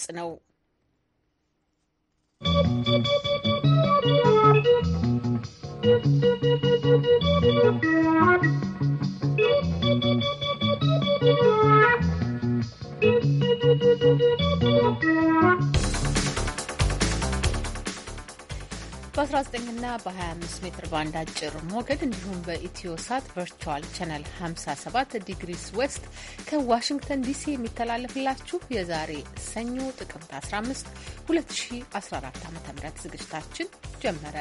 ድምፅ ነው። ¶¶ በ19ና በ25 ሜትር ባንድ አጭር ሞገድ እንዲሁም በኢትዮ ሳት ቨርቹዋል ቻነል 57 ዲግሪስ ዌስት ከዋሽንግተን ዲሲ የሚተላለፍላችሁ የዛሬ ሰኞ ጥቅምት 15 2014 ዓ ም ዝግጅታችን ጀመረ።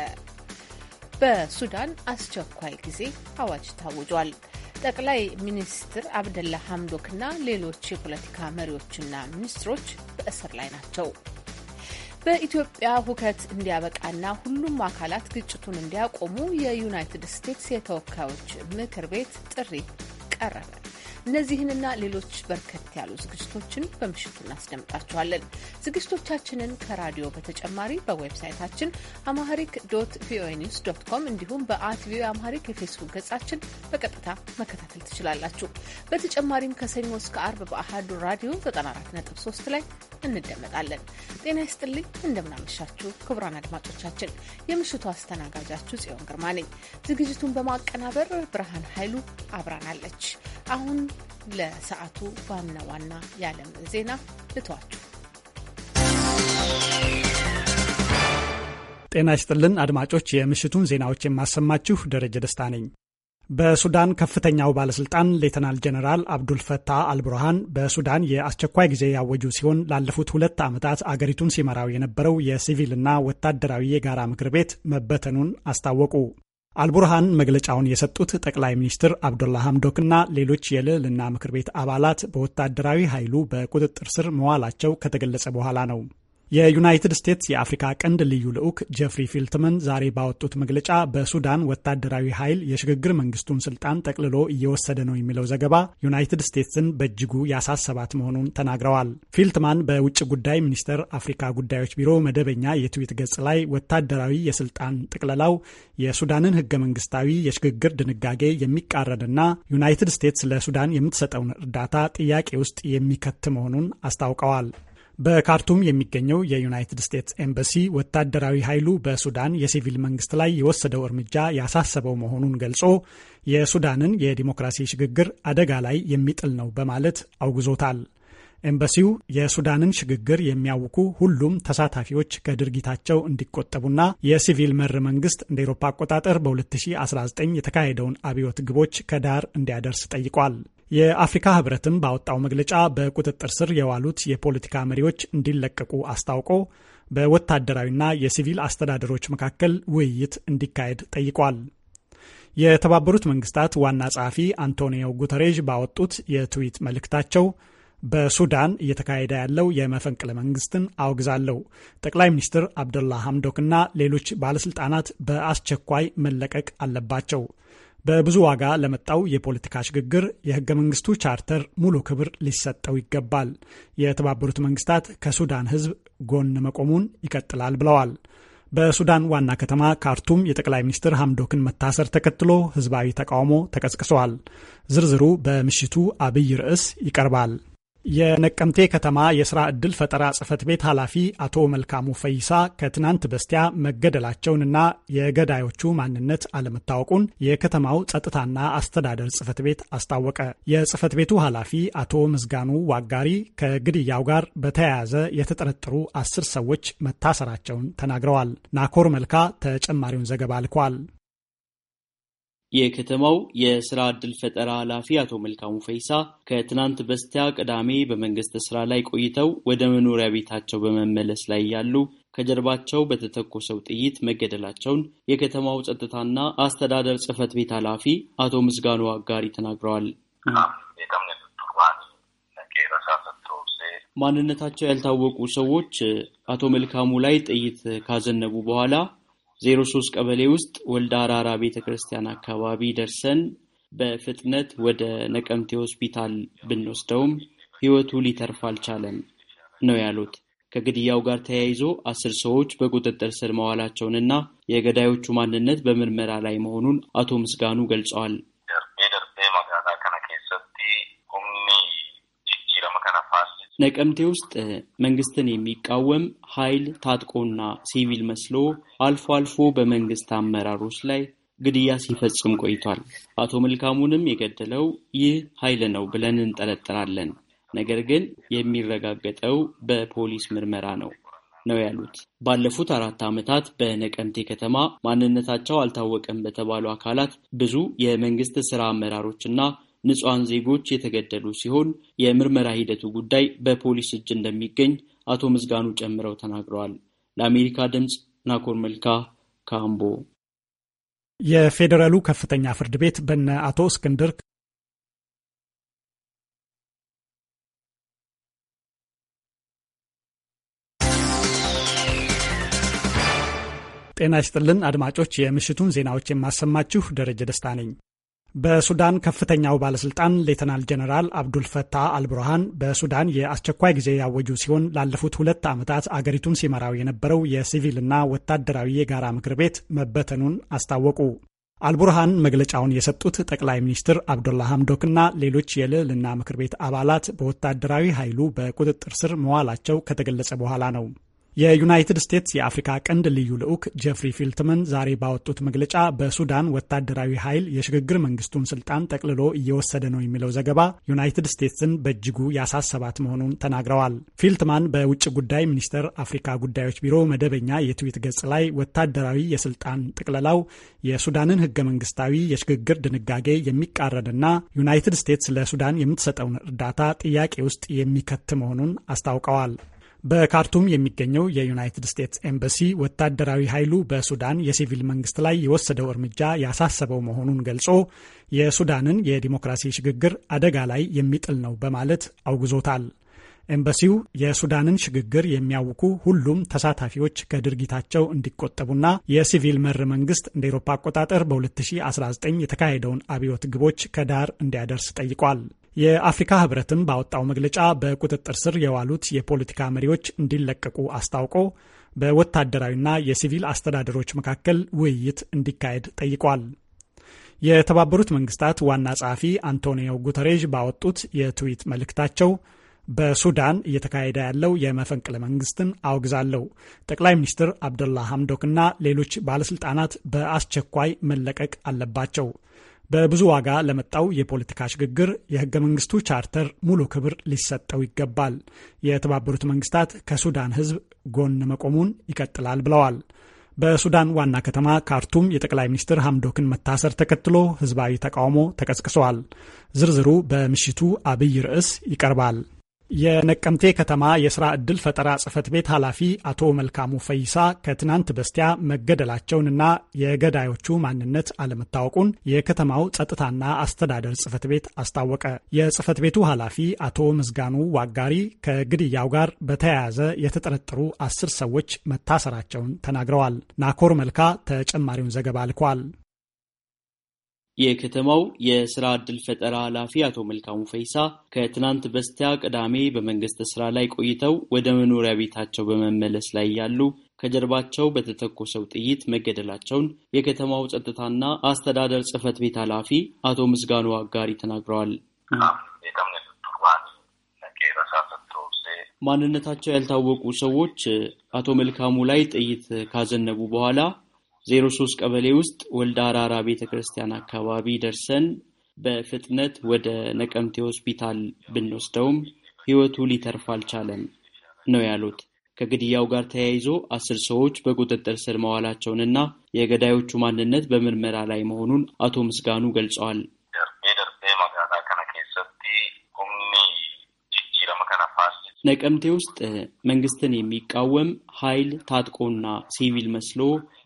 በሱዳን አስቸኳይ ጊዜ አዋጅ ታውጇል። ጠቅላይ ሚኒስትር አብደላ ሐምዶክና ሌሎች የፖለቲካ መሪዎችና ሚኒስትሮች በእስር ላይ ናቸው። በኢትዮጵያ ሁከት እንዲያበቃና ሁሉም አካላት ግጭቱን እንዲያቆሙ የዩናይትድ ስቴትስ የተወካዮች ምክር ቤት ጥሪ ቀረበ። እነዚህንና ሌሎች በርከት ያሉ ዝግጅቶችን በምሽቱ እናስደምጣችኋለን። ዝግጅቶቻችንን ከራዲዮ በተጨማሪ በዌብሳይታችን አማሪክ ዶት ቪኦኤ ኒውስ ዶት ኮም እንዲሁም በአት ቪኦኤ አማሪክ የፌስቡክ ገጻችን በቀጥታ መከታተል ትችላላችሁ። በተጨማሪም ከሰኞ እስከ አርብ በአሃዱ ራዲዮ 94.3 ላይ እንደመጣለን። ጤና ይስጥልኝ፣ እንደምናመሻችሁ ክቡራን አድማጮቻችን። የምሽቱ አስተናጋጃችሁ ጽዮን ግርማ ነኝ። ዝግጅቱን በማቀናበር ብርሃን ኃይሉ አብራናለች። አሁን ለሰዓቱ ዋና ዋና የዓለም ዜና ልተዋችሁ። ጤና ይስጥልን አድማጮች፣ የምሽቱን ዜናዎች የማሰማችሁ ደረጀ ደስታ ነኝ። በሱዳን ከፍተኛው ባለስልጣን ሌተናል ጀነራል አብዱልፈታህ አልብርሃን በሱዳን የአስቸኳይ ጊዜ ያወጁ ሲሆን ላለፉት ሁለት ዓመታት አገሪቱን ሲመራው የነበረው የሲቪልና ወታደራዊ የጋራ ምክር ቤት መበተኑን አስታወቁ። አልቡርሃን መግለጫውን የሰጡት ጠቅላይ ሚኒስትር አብዶላ ሐምዶክና ሌሎች የልዕልና ምክር ቤት አባላት በወታደራዊ ኃይሉ በቁጥጥር ስር መዋላቸው ከተገለጸ በኋላ ነው። የዩናይትድ ስቴትስ የአፍሪካ ቀንድ ልዩ ልዑክ ጀፍሪ ፊልትመን ዛሬ ባወጡት መግለጫ በሱዳን ወታደራዊ ኃይል የሽግግር መንግስቱን ስልጣን ጠቅልሎ እየወሰደ ነው የሚለው ዘገባ ዩናይትድ ስቴትስን በእጅጉ ያሳሰባት መሆኑን ተናግረዋል። ፊልትማን በውጭ ጉዳይ ሚኒስቴር አፍሪካ ጉዳዮች ቢሮ መደበኛ የትዊት ገጽ ላይ ወታደራዊ የስልጣን ጥቅለላው የሱዳንን ህገ መንግስታዊ የሽግግር ድንጋጌ የሚቃረንና ዩናይትድ ስቴትስ ለሱዳን የምትሰጠውን እርዳታ ጥያቄ ውስጥ የሚከት መሆኑን አስታውቀዋል። በካርቱም የሚገኘው የዩናይትድ ስቴትስ ኤምባሲ ወታደራዊ ኃይሉ በሱዳን የሲቪል መንግስት ላይ የወሰደው እርምጃ ያሳሰበው መሆኑን ገልጾ የሱዳንን የዲሞክራሲ ሽግግር አደጋ ላይ የሚጥል ነው በማለት አውግዞታል። ኤምባሲው የሱዳንን ሽግግር የሚያውኩ ሁሉም ተሳታፊዎች ከድርጊታቸው እንዲቆጠቡና የሲቪል መር መንግስት እንደ ኤሮፓ አቆጣጠር በ2019 የተካሄደውን አብዮት ግቦች ከዳር እንዲያደርስ ጠይቋል። የአፍሪካ ህብረትም ባወጣው መግለጫ በቁጥጥር ስር የዋሉት የፖለቲካ መሪዎች እንዲለቀቁ አስታውቆ በወታደራዊና የሲቪል አስተዳደሮች መካከል ውይይት እንዲካሄድ ጠይቋል። የተባበሩት መንግስታት ዋና ጸሐፊ አንቶኒዮ ጉተሬዥ ባወጡት የትዊት መልእክታቸው በሱዳን እየተካሄደ ያለው የመፈንቅለ መንግስትን አውግዛለሁ። ጠቅላይ ሚኒስትር አብደላ ሐምዶክና ሌሎች ባለስልጣናት በአስቸኳይ መለቀቅ አለባቸው። በብዙ ዋጋ ለመጣው የፖለቲካ ሽግግር የህገ መንግስቱ ቻርተር ሙሉ ክብር ሊሰጠው ይገባል። የተባበሩት መንግስታት ከሱዳን ህዝብ ጎን መቆሙን ይቀጥላል ብለዋል። በሱዳን ዋና ከተማ ካርቱም የጠቅላይ ሚኒስትር ሐምዶክን መታሰር ተከትሎ ህዝባዊ ተቃውሞ ተቀስቅሷል። ዝርዝሩ በምሽቱ አብይ ርዕስ ይቀርባል። የነቀምቴ ከተማ የስራ ዕድል ፈጠራ ጽህፈት ቤት ኃላፊ አቶ መልካሙ ፈይሳ ከትናንት በስቲያ መገደላቸውንና የገዳዮቹ ማንነት አለመታወቁን የከተማው ጸጥታና አስተዳደር ጽህፈት ቤት አስታወቀ። የጽህፈት ቤቱ ኃላፊ አቶ ምዝጋኑ ዋጋሪ ከግድያው ጋር በተያያዘ የተጠረጠሩ አስር ሰዎች መታሰራቸውን ተናግረዋል። ናኮር መልካ ተጨማሪውን ዘገባ ልኳል። የከተማው የስራ ዕድል ፈጠራ ኃላፊ አቶ መልካሙ ፈይሳ ከትናንት በስቲያ ቅዳሜ በመንግስት ስራ ላይ ቆይተው ወደ መኖሪያ ቤታቸው በመመለስ ላይ ያሉ ከጀርባቸው በተተኮሰው ጥይት መገደላቸውን የከተማው ጸጥታና አስተዳደር ጽህፈት ቤት ኃላፊ አቶ ምስጋኑ አጋሪ ተናግረዋል። ማንነታቸው ያልታወቁ ሰዎች አቶ መልካሙ ላይ ጥይት ካዘነቡ በኋላ ዜሮ ሶስት ቀበሌ ውስጥ ወልደ አራራ ቤተ ክርስቲያን አካባቢ ደርሰን በፍጥነት ወደ ነቀምቴ ሆስፒታል ብንወስደውም ሕይወቱ ሊተርፍ አልቻለም ነው ያሉት። ከግድያው ጋር ተያይዞ አስር ሰዎች በቁጥጥር ስር መዋላቸውንና የገዳዮቹ ማንነት በምርመራ ላይ መሆኑን አቶ ምስጋኑ ገልጸዋል። ነቀምቴ ውስጥ መንግስትን የሚቃወም ኃይል ታጥቆና ሲቪል መስሎ አልፎ አልፎ በመንግስት አመራሮች ላይ ግድያ ሲፈጽም ቆይቷል። አቶ መልካሙንም የገደለው ይህ ኃይል ነው ብለን እንጠረጥራለን፣ ነገር ግን የሚረጋገጠው በፖሊስ ምርመራ ነው ነው ያሉት። ባለፉት አራት ዓመታት በነቀምቴ ከተማ ማንነታቸው አልታወቀም በተባሉ አካላት ብዙ የመንግስት ስራ አመራሮችና ንጹሐን ዜጎች የተገደሉ ሲሆን የምርመራ ሂደቱ ጉዳይ በፖሊስ እጅ እንደሚገኝ አቶ ምዝጋኑ ጨምረው ተናግረዋል። ለአሜሪካ ድምፅ ናኮር መልካ ካምቦ። የፌዴራሉ ከፍተኛ ፍርድ ቤት በነ አቶ እስክንድር ጤና ይስጥልን አድማጮች፣ የምሽቱን ዜናዎች የማሰማችሁ ደረጀ ደስታ ነኝ። በሱዳን ከፍተኛው ባለስልጣን ሌተናል ጀነራል አብዱልፈታህ አልቡርሃን በሱዳን የአስቸኳይ ጊዜ ያወጁ ሲሆን ላለፉት ሁለት ዓመታት አገሪቱን ሲመራው የነበረው የሲቪልና ወታደራዊ የጋራ ምክር ቤት መበተኑን አስታወቁ። አልቡርሃን መግለጫውን የሰጡት ጠቅላይ ሚኒስትር አብዶላ አብዱላ እና ሌሎች የልዕልና ምክር ቤት አባላት በወታደራዊ ኃይሉ በቁጥጥር ስር መዋላቸው ከተገለጸ በኋላ ነው። የዩናይትድ ስቴትስ የአፍሪካ ቀንድ ልዩ ልዑክ ጀፍሪ ፊልትመን ዛሬ ባወጡት መግለጫ በሱዳን ወታደራዊ ኃይል የሽግግር መንግስቱን ስልጣን ጠቅልሎ እየወሰደ ነው የሚለው ዘገባ ዩናይትድ ስቴትስን በእጅጉ ያሳሰባት መሆኑን ተናግረዋል። ፊልትማን በውጭ ጉዳይ ሚኒስቴር አፍሪካ ጉዳዮች ቢሮ መደበኛ የትዊት ገጽ ላይ ወታደራዊ የስልጣን ጥቅለላው የሱዳንን ህገ መንግስታዊ የሽግግር ድንጋጌ የሚቃረንና ዩናይትድ ስቴትስ ለሱዳን የምትሰጠውን እርዳታ ጥያቄ ውስጥ የሚከት መሆኑን አስታውቀዋል። በካርቱም የሚገኘው የዩናይትድ ስቴትስ ኤምባሲ ወታደራዊ ኃይሉ በሱዳን የሲቪል መንግስት ላይ የወሰደው እርምጃ ያሳሰበው መሆኑን ገልጾ የሱዳንን የዲሞክራሲ ሽግግር አደጋ ላይ የሚጥል ነው በማለት አውግዞታል። ኤምባሲው የሱዳንን ሽግግር የሚያውኩ ሁሉም ተሳታፊዎች ከድርጊታቸው እንዲቆጠቡና የሲቪል መር መንግስት እንደ ኤሮፓ አቆጣጠር በ2019 የተካሄደውን አብዮት ግቦች ከዳር እንዲያደርስ ጠይቋል። የአፍሪካ ህብረትም ባወጣው መግለጫ በቁጥጥር ስር የዋሉት የፖለቲካ መሪዎች እንዲለቀቁ አስታውቆ በወታደራዊና የሲቪል አስተዳደሮች መካከል ውይይት እንዲካሄድ ጠይቋል። የተባበሩት መንግስታት ዋና ጸሐፊ አንቶኒዮ ጉተሬዥ ባወጡት የትዊት መልእክታቸው በሱዳን እየተካሄደ ያለው የመፈንቅለ መንግስትን አውግዛለሁ። ጠቅላይ ሚኒስትር አብደላ ሐምዶክና ሌሎች ባለስልጣናት በአስቸኳይ መለቀቅ አለባቸው። በብዙ ዋጋ ለመጣው የፖለቲካ ሽግግር የህገ መንግስቱ ቻርተር ሙሉ ክብር ሊሰጠው ይገባል። የተባበሩት መንግስታት ከሱዳን ህዝብ ጎን መቆሙን ይቀጥላል ብለዋል። በሱዳን ዋና ከተማ ካርቱም የጠቅላይ ሚኒስትር ሐምዶክን መታሰር ተከትሎ ህዝባዊ ተቃውሞ ተቀስቅሰዋል። ዝርዝሩ በምሽቱ አብይ ርዕስ ይቀርባል። የነቀምቴ ከተማ የስራ ዕድል ፈጠራ ጽህፈት ቤት ኃላፊ አቶ መልካሙ ፈይሳ ከትናንት በስቲያ መገደላቸውንና የገዳዮቹ ማንነት አለመታወቁን የከተማው ጸጥታና አስተዳደር ጽህፈት ቤት አስታወቀ። የጽህፈት ቤቱ ኃላፊ አቶ ምዝጋኑ ዋጋሪ ከግድያው ጋር በተያያዘ የተጠረጠሩ አስር ሰዎች መታሰራቸውን ተናግረዋል። ናኮር መልካ ተጨማሪውን ዘገባ ልኳል። የከተማው የስራ ዕድል ፈጠራ ኃላፊ አቶ መልካሙ ፈይሳ ከትናንት በስቲያ ቅዳሜ በመንግስት ስራ ላይ ቆይተው ወደ መኖሪያ ቤታቸው በመመለስ ላይ ያሉ ከጀርባቸው በተተኮሰው ጥይት መገደላቸውን የከተማው ጸጥታና አስተዳደር ጽህፈት ቤት ኃላፊ አቶ ምስጋኑ አጋሪ ተናግረዋል። ማንነታቸው ያልታወቁ ሰዎች አቶ መልካሙ ላይ ጥይት ካዘነቡ በኋላ ዜሮ ሶስት ቀበሌ ውስጥ ወልደ አራራ ቤተ ክርስቲያን አካባቢ ደርሰን በፍጥነት ወደ ነቀምቴ ሆስፒታል ብንወስደውም ህይወቱ ሊተርፍ አልቻለም ነው ያሉት። ከግድያው ጋር ተያይዞ አስር ሰዎች በቁጥጥር ስር መዋላቸውንና የገዳዮቹ ማንነት በምርመራ ላይ መሆኑን አቶ ምስጋኑ ገልጸዋል። ነቀምቴ ውስጥ መንግስትን የሚቃወም ኃይል ታጥቆና ሲቪል መስሎ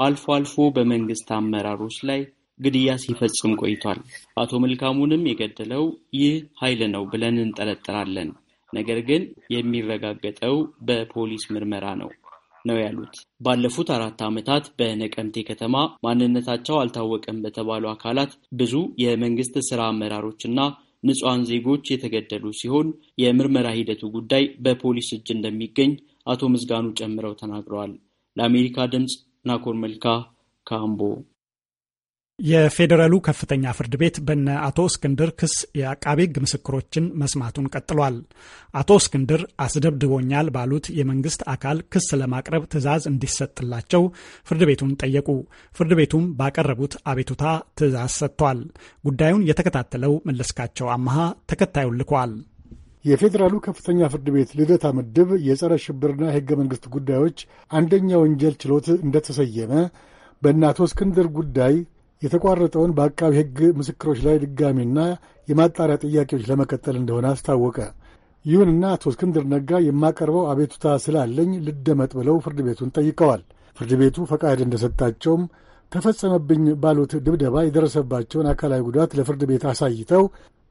አልፎ አልፎ በመንግስት አመራሮች ላይ ግድያ ሲፈጽም ቆይቷል። አቶ መልካሙንም የገደለው ይህ ኃይል ነው ብለን እንጠለጥራለን። ነገር ግን የሚረጋገጠው በፖሊስ ምርመራ ነው ነው ያሉት። ባለፉት አራት ዓመታት በነቀምቴ ከተማ ማንነታቸው አልታወቀም በተባሉ አካላት ብዙ የመንግስት ስራ አመራሮችና ንጹሐን ዜጎች የተገደሉ ሲሆን የምርመራ ሂደቱ ጉዳይ በፖሊስ እጅ እንደሚገኝ አቶ ምዝጋኑ ጨምረው ተናግረዋል። ለአሜሪካ ድምፅ ናኮር መልካ ካምቦ የፌዴራሉ ከፍተኛ ፍርድ ቤት በነ አቶ እስክንድር ክስ የአቃቤ ሕግ ምስክሮችን መስማቱን ቀጥሏል። አቶ እስክንድር አስደብድቦኛል ባሉት የመንግስት አካል ክስ ለማቅረብ ትዕዛዝ እንዲሰጥላቸው ፍርድ ቤቱን ጠየቁ። ፍርድ ቤቱም ባቀረቡት አቤቱታ ትዕዛዝ ሰጥቷል። ጉዳዩን የተከታተለው መለስካቸው አመሃ ተከታዩን ልኳል። የፌዴራሉ ከፍተኛ ፍርድ ቤት ልደታ ምድብ የጸረ ሽብርና የሕገ መንግሥት ጉዳዮች አንደኛ ወንጀል ችሎት እንደተሰየመ በእነ አቶ እስክንድር ጉዳይ የተቋረጠውን በአቃቢ ሕግ ምስክሮች ላይ ድጋሚና የማጣሪያ ጥያቄዎች ለመቀጠል እንደሆነ አስታወቀ። ይሁንና አቶ እስክንድር ነጋ የማቀርበው አቤቱታ ስላለኝ ልደመጥ ብለው ፍርድ ቤቱን ጠይቀዋል። ፍርድ ቤቱ ፈቃድ እንደሰጣቸውም ተፈጸመብኝ ባሉት ድብደባ የደረሰባቸውን አካላዊ ጉዳት ለፍርድ ቤት አሳይተው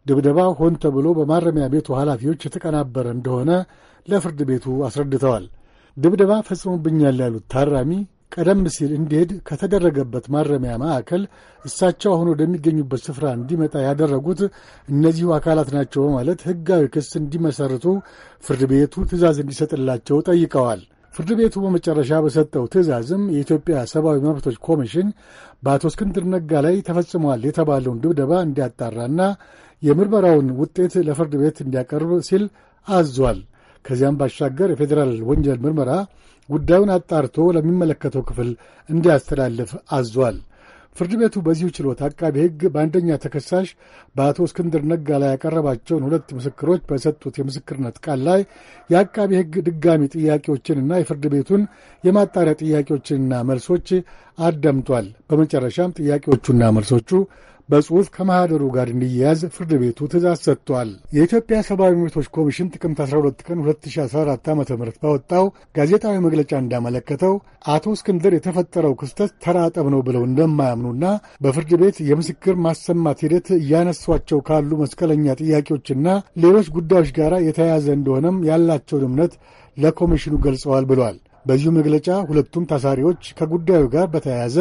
ድብደባ ሆን ተብሎ በማረሚያ ቤቱ ኃላፊዎች የተቀናበረ እንደሆነ ለፍርድ ቤቱ አስረድተዋል። ድብደባ ፈጽሞብኛል ያሉት ታራሚ ቀደም ሲል እንዲሄድ ከተደረገበት ማረሚያ ማዕከል እሳቸው አሁን ወደሚገኙበት ስፍራ እንዲመጣ ያደረጉት እነዚሁ አካላት ናቸው በማለት ሕጋዊ ክስ እንዲመሰርቱ ፍርድ ቤቱ ትዕዛዝ እንዲሰጥላቸው ጠይቀዋል። ፍርድ ቤቱ በመጨረሻ በሰጠው ትዕዛዝም የኢትዮጵያ ሰብአዊ መብቶች ኮሚሽን በአቶ እስክንድር ነጋ ላይ ተፈጽሟል የተባለውን ድብደባ እንዲያጣራና የምርመራውን ውጤት ለፍርድ ቤት እንዲያቀርብ ሲል አዟል። ከዚያም ባሻገር የፌዴራል ወንጀል ምርመራ ጉዳዩን አጣርቶ ለሚመለከተው ክፍል እንዲያስተላልፍ አዟል። ፍርድ ቤቱ በዚሁ ችሎት አቃቢ ሕግ በአንደኛ ተከሳሽ በአቶ እስክንድር ነጋ ላይ ያቀረባቸውን ሁለት ምስክሮች በሰጡት የምስክርነት ቃል ላይ የአቃቢ ሕግ ድጋሚ ጥያቄዎችንና የፍርድ ቤቱን የማጣሪያ ጥያቄዎችንና መልሶች አዳምጧል። በመጨረሻም ጥያቄዎቹና መልሶቹ በጽሑፍ ከማኅደሩ ጋር እንዲያያዝ ፍርድ ቤቱ ትእዛዝ ሰጥቷል። የኢትዮጵያ ሰብአዊ መብቶች ኮሚሽን ጥቅምት 12 ቀን 2014 ዓ ም ባወጣው ጋዜጣዊ መግለጫ እንዳመለከተው አቶ እስክንድር የተፈጠረው ክስተት ተራጠብ ነው ብለው እንደማያምኑና በፍርድ ቤት የምስክር ማሰማት ሂደት እያነሷቸው ካሉ መስቀለኛ ጥያቄዎችና ሌሎች ጉዳዮች ጋር የተያያዘ እንደሆነም ያላቸውን እምነት ለኮሚሽኑ ገልጸዋል ብሏል። በዚሁ መግለጫ ሁለቱም ታሳሪዎች ከጉዳዩ ጋር በተያያዘ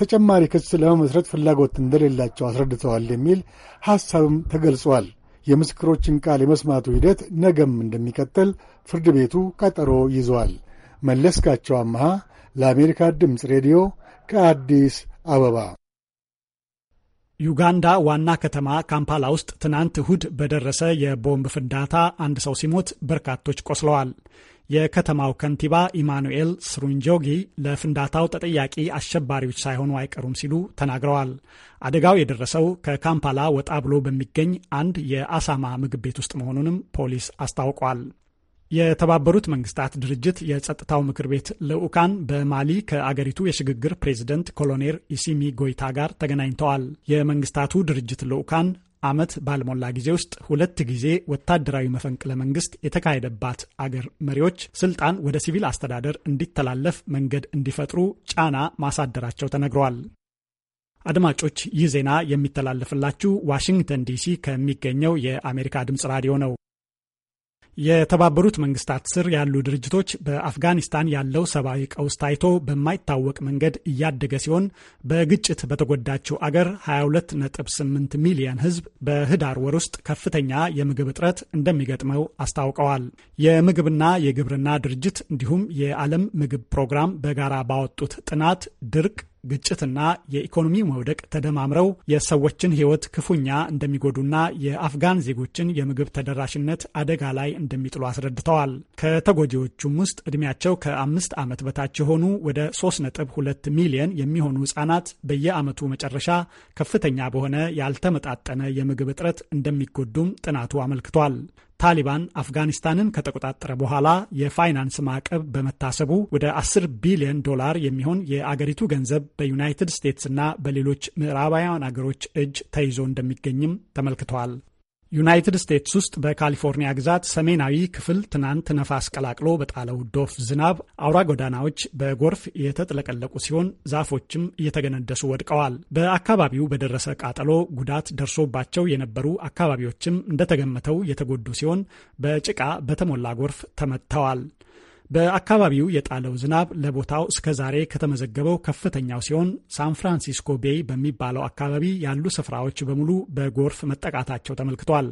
ተጨማሪ ክስ ለመመስረት ፍላጎት እንደሌላቸው አስረድተዋል የሚል ሐሳብም ተገልጿል። የምስክሮችን ቃል የመስማቱ ሂደት ነገም እንደሚቀጥል ፍርድ ቤቱ ቀጠሮ ይዟል። መለስካቸው አመሃ ለአሜሪካ ድምፅ ሬዲዮ ከአዲስ አበባ ዩጋንዳ ዋና ከተማ ካምፓላ ውስጥ ትናንት እሁድ በደረሰ የቦምብ ፍንዳታ አንድ ሰው ሲሞት በርካቶች ቆስለዋል። የከተማው ከንቲባ ኢማኑኤል ስሩንጆጊ ለፍንዳታው ተጠያቂ አሸባሪዎች ሳይሆኑ አይቀሩም ሲሉ ተናግረዋል። አደጋው የደረሰው ከካምፓላ ወጣ ብሎ በሚገኝ አንድ የአሳማ ምግብ ቤት ውስጥ መሆኑንም ፖሊስ አስታውቋል። የተባበሩት መንግስታት ድርጅት የጸጥታው ምክር ቤት ልዑካን በማሊ ከአገሪቱ የሽግግር ፕሬዝደንት ኮሎኔል ኢሲሚ ጎይታ ጋር ተገናኝተዋል። የመንግስታቱ ድርጅት ልዑካን ዓመት ባልሞላ ጊዜ ውስጥ ሁለት ጊዜ ወታደራዊ መፈንቅለ መንግስት የተካሄደባት አገር መሪዎች ስልጣን ወደ ሲቪል አስተዳደር እንዲተላለፍ መንገድ እንዲፈጥሩ ጫና ማሳደራቸው ተነግረዋል። አድማጮች ይህ ዜና የሚተላለፍላችሁ ዋሽንግተን ዲሲ ከሚገኘው የአሜሪካ ድምፅ ራዲዮ ነው። የተባበሩት መንግስታት ስር ያሉ ድርጅቶች በአፍጋኒስታን ያለው ሰብአዊ ቀውስ ታይቶ በማይታወቅ መንገድ እያደገ ሲሆን በግጭት በተጎዳችው አገር 22.8 ሚሊየን ህዝብ በህዳር ወር ውስጥ ከፍተኛ የምግብ እጥረት እንደሚገጥመው አስታውቀዋል። የምግብና የግብርና ድርጅት እንዲሁም የዓለም ምግብ ፕሮግራም በጋራ ባወጡት ጥናት ድርቅ ግጭትና የኢኮኖሚ መውደቅ ተደማምረው የሰዎችን ሕይወት ክፉኛ እንደሚጎዱና የአፍጋን ዜጎችን የምግብ ተደራሽነት አደጋ ላይ እንደሚጥሉ አስረድተዋል። ከተጎጂዎቹም ውስጥ ዕድሜያቸው ከአምስት ዓመት በታች የሆኑ ወደ 3.2 ሚሊየን የሚሆኑ ሕጻናት በየዓመቱ መጨረሻ ከፍተኛ በሆነ ያልተመጣጠነ የምግብ እጥረት እንደሚጎዱም ጥናቱ አመልክቷል። ታሊባን አፍጋኒስታንን ከተቆጣጠረ በኋላ የፋይናንስ ማዕቀብ በመታሰቡ ወደ 10 ቢሊዮን ዶላር የሚሆን የአገሪቱ ገንዘብ በዩናይትድ ስቴትስና በሌሎች ምዕራባውያን አገሮች እጅ ተይዞ እንደሚገኝም ተመልክተዋል። ዩናይትድ ስቴትስ ውስጥ በካሊፎርኒያ ግዛት ሰሜናዊ ክፍል ትናንት ነፋስ ቀላቅሎ በጣለው ዶፍ ዝናብ አውራ ጎዳናዎች በጎርፍ የተጥለቀለቁ ሲሆን ዛፎችም እየተገነደሱ ወድቀዋል። በአካባቢው በደረሰ ቃጠሎ ጉዳት ደርሶባቸው የነበሩ አካባቢዎችም እንደተገመተው የተጎዱ ሲሆን በጭቃ በተሞላ ጎርፍ ተመትተዋል። በአካባቢው የጣለው ዝናብ ለቦታው እስከ ዛሬ ከተመዘገበው ከፍተኛው ሲሆን ሳን ፍራንሲስኮ ቤይ በሚባለው አካባቢ ያሉ ስፍራዎች በሙሉ በጎርፍ መጠቃታቸው ተመልክቷል።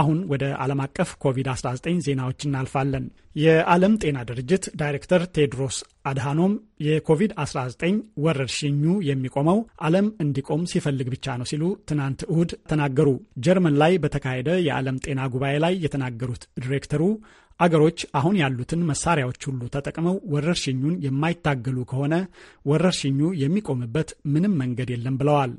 አሁን ወደ ዓለም አቀፍ ኮቪድ-19 ዜናዎች እናልፋለን። የዓለም ጤና ድርጅት ዳይሬክተር ቴድሮስ አድሃኖም የኮቪድ-19 ወረርሽኙ የሚቆመው ዓለም እንዲቆም ሲፈልግ ብቻ ነው ሲሉ ትናንት እሁድ ተናገሩ። ጀርመን ላይ በተካሄደ የዓለም ጤና ጉባኤ ላይ የተናገሩት ዲሬክተሩ አገሮች አሁን ያሉትን መሳሪያዎች ሁሉ ተጠቅመው ወረርሽኙን የማይታገሉ ከሆነ ወረርሽኙ የሚቆምበት ምንም መንገድ የለም ብለዋል።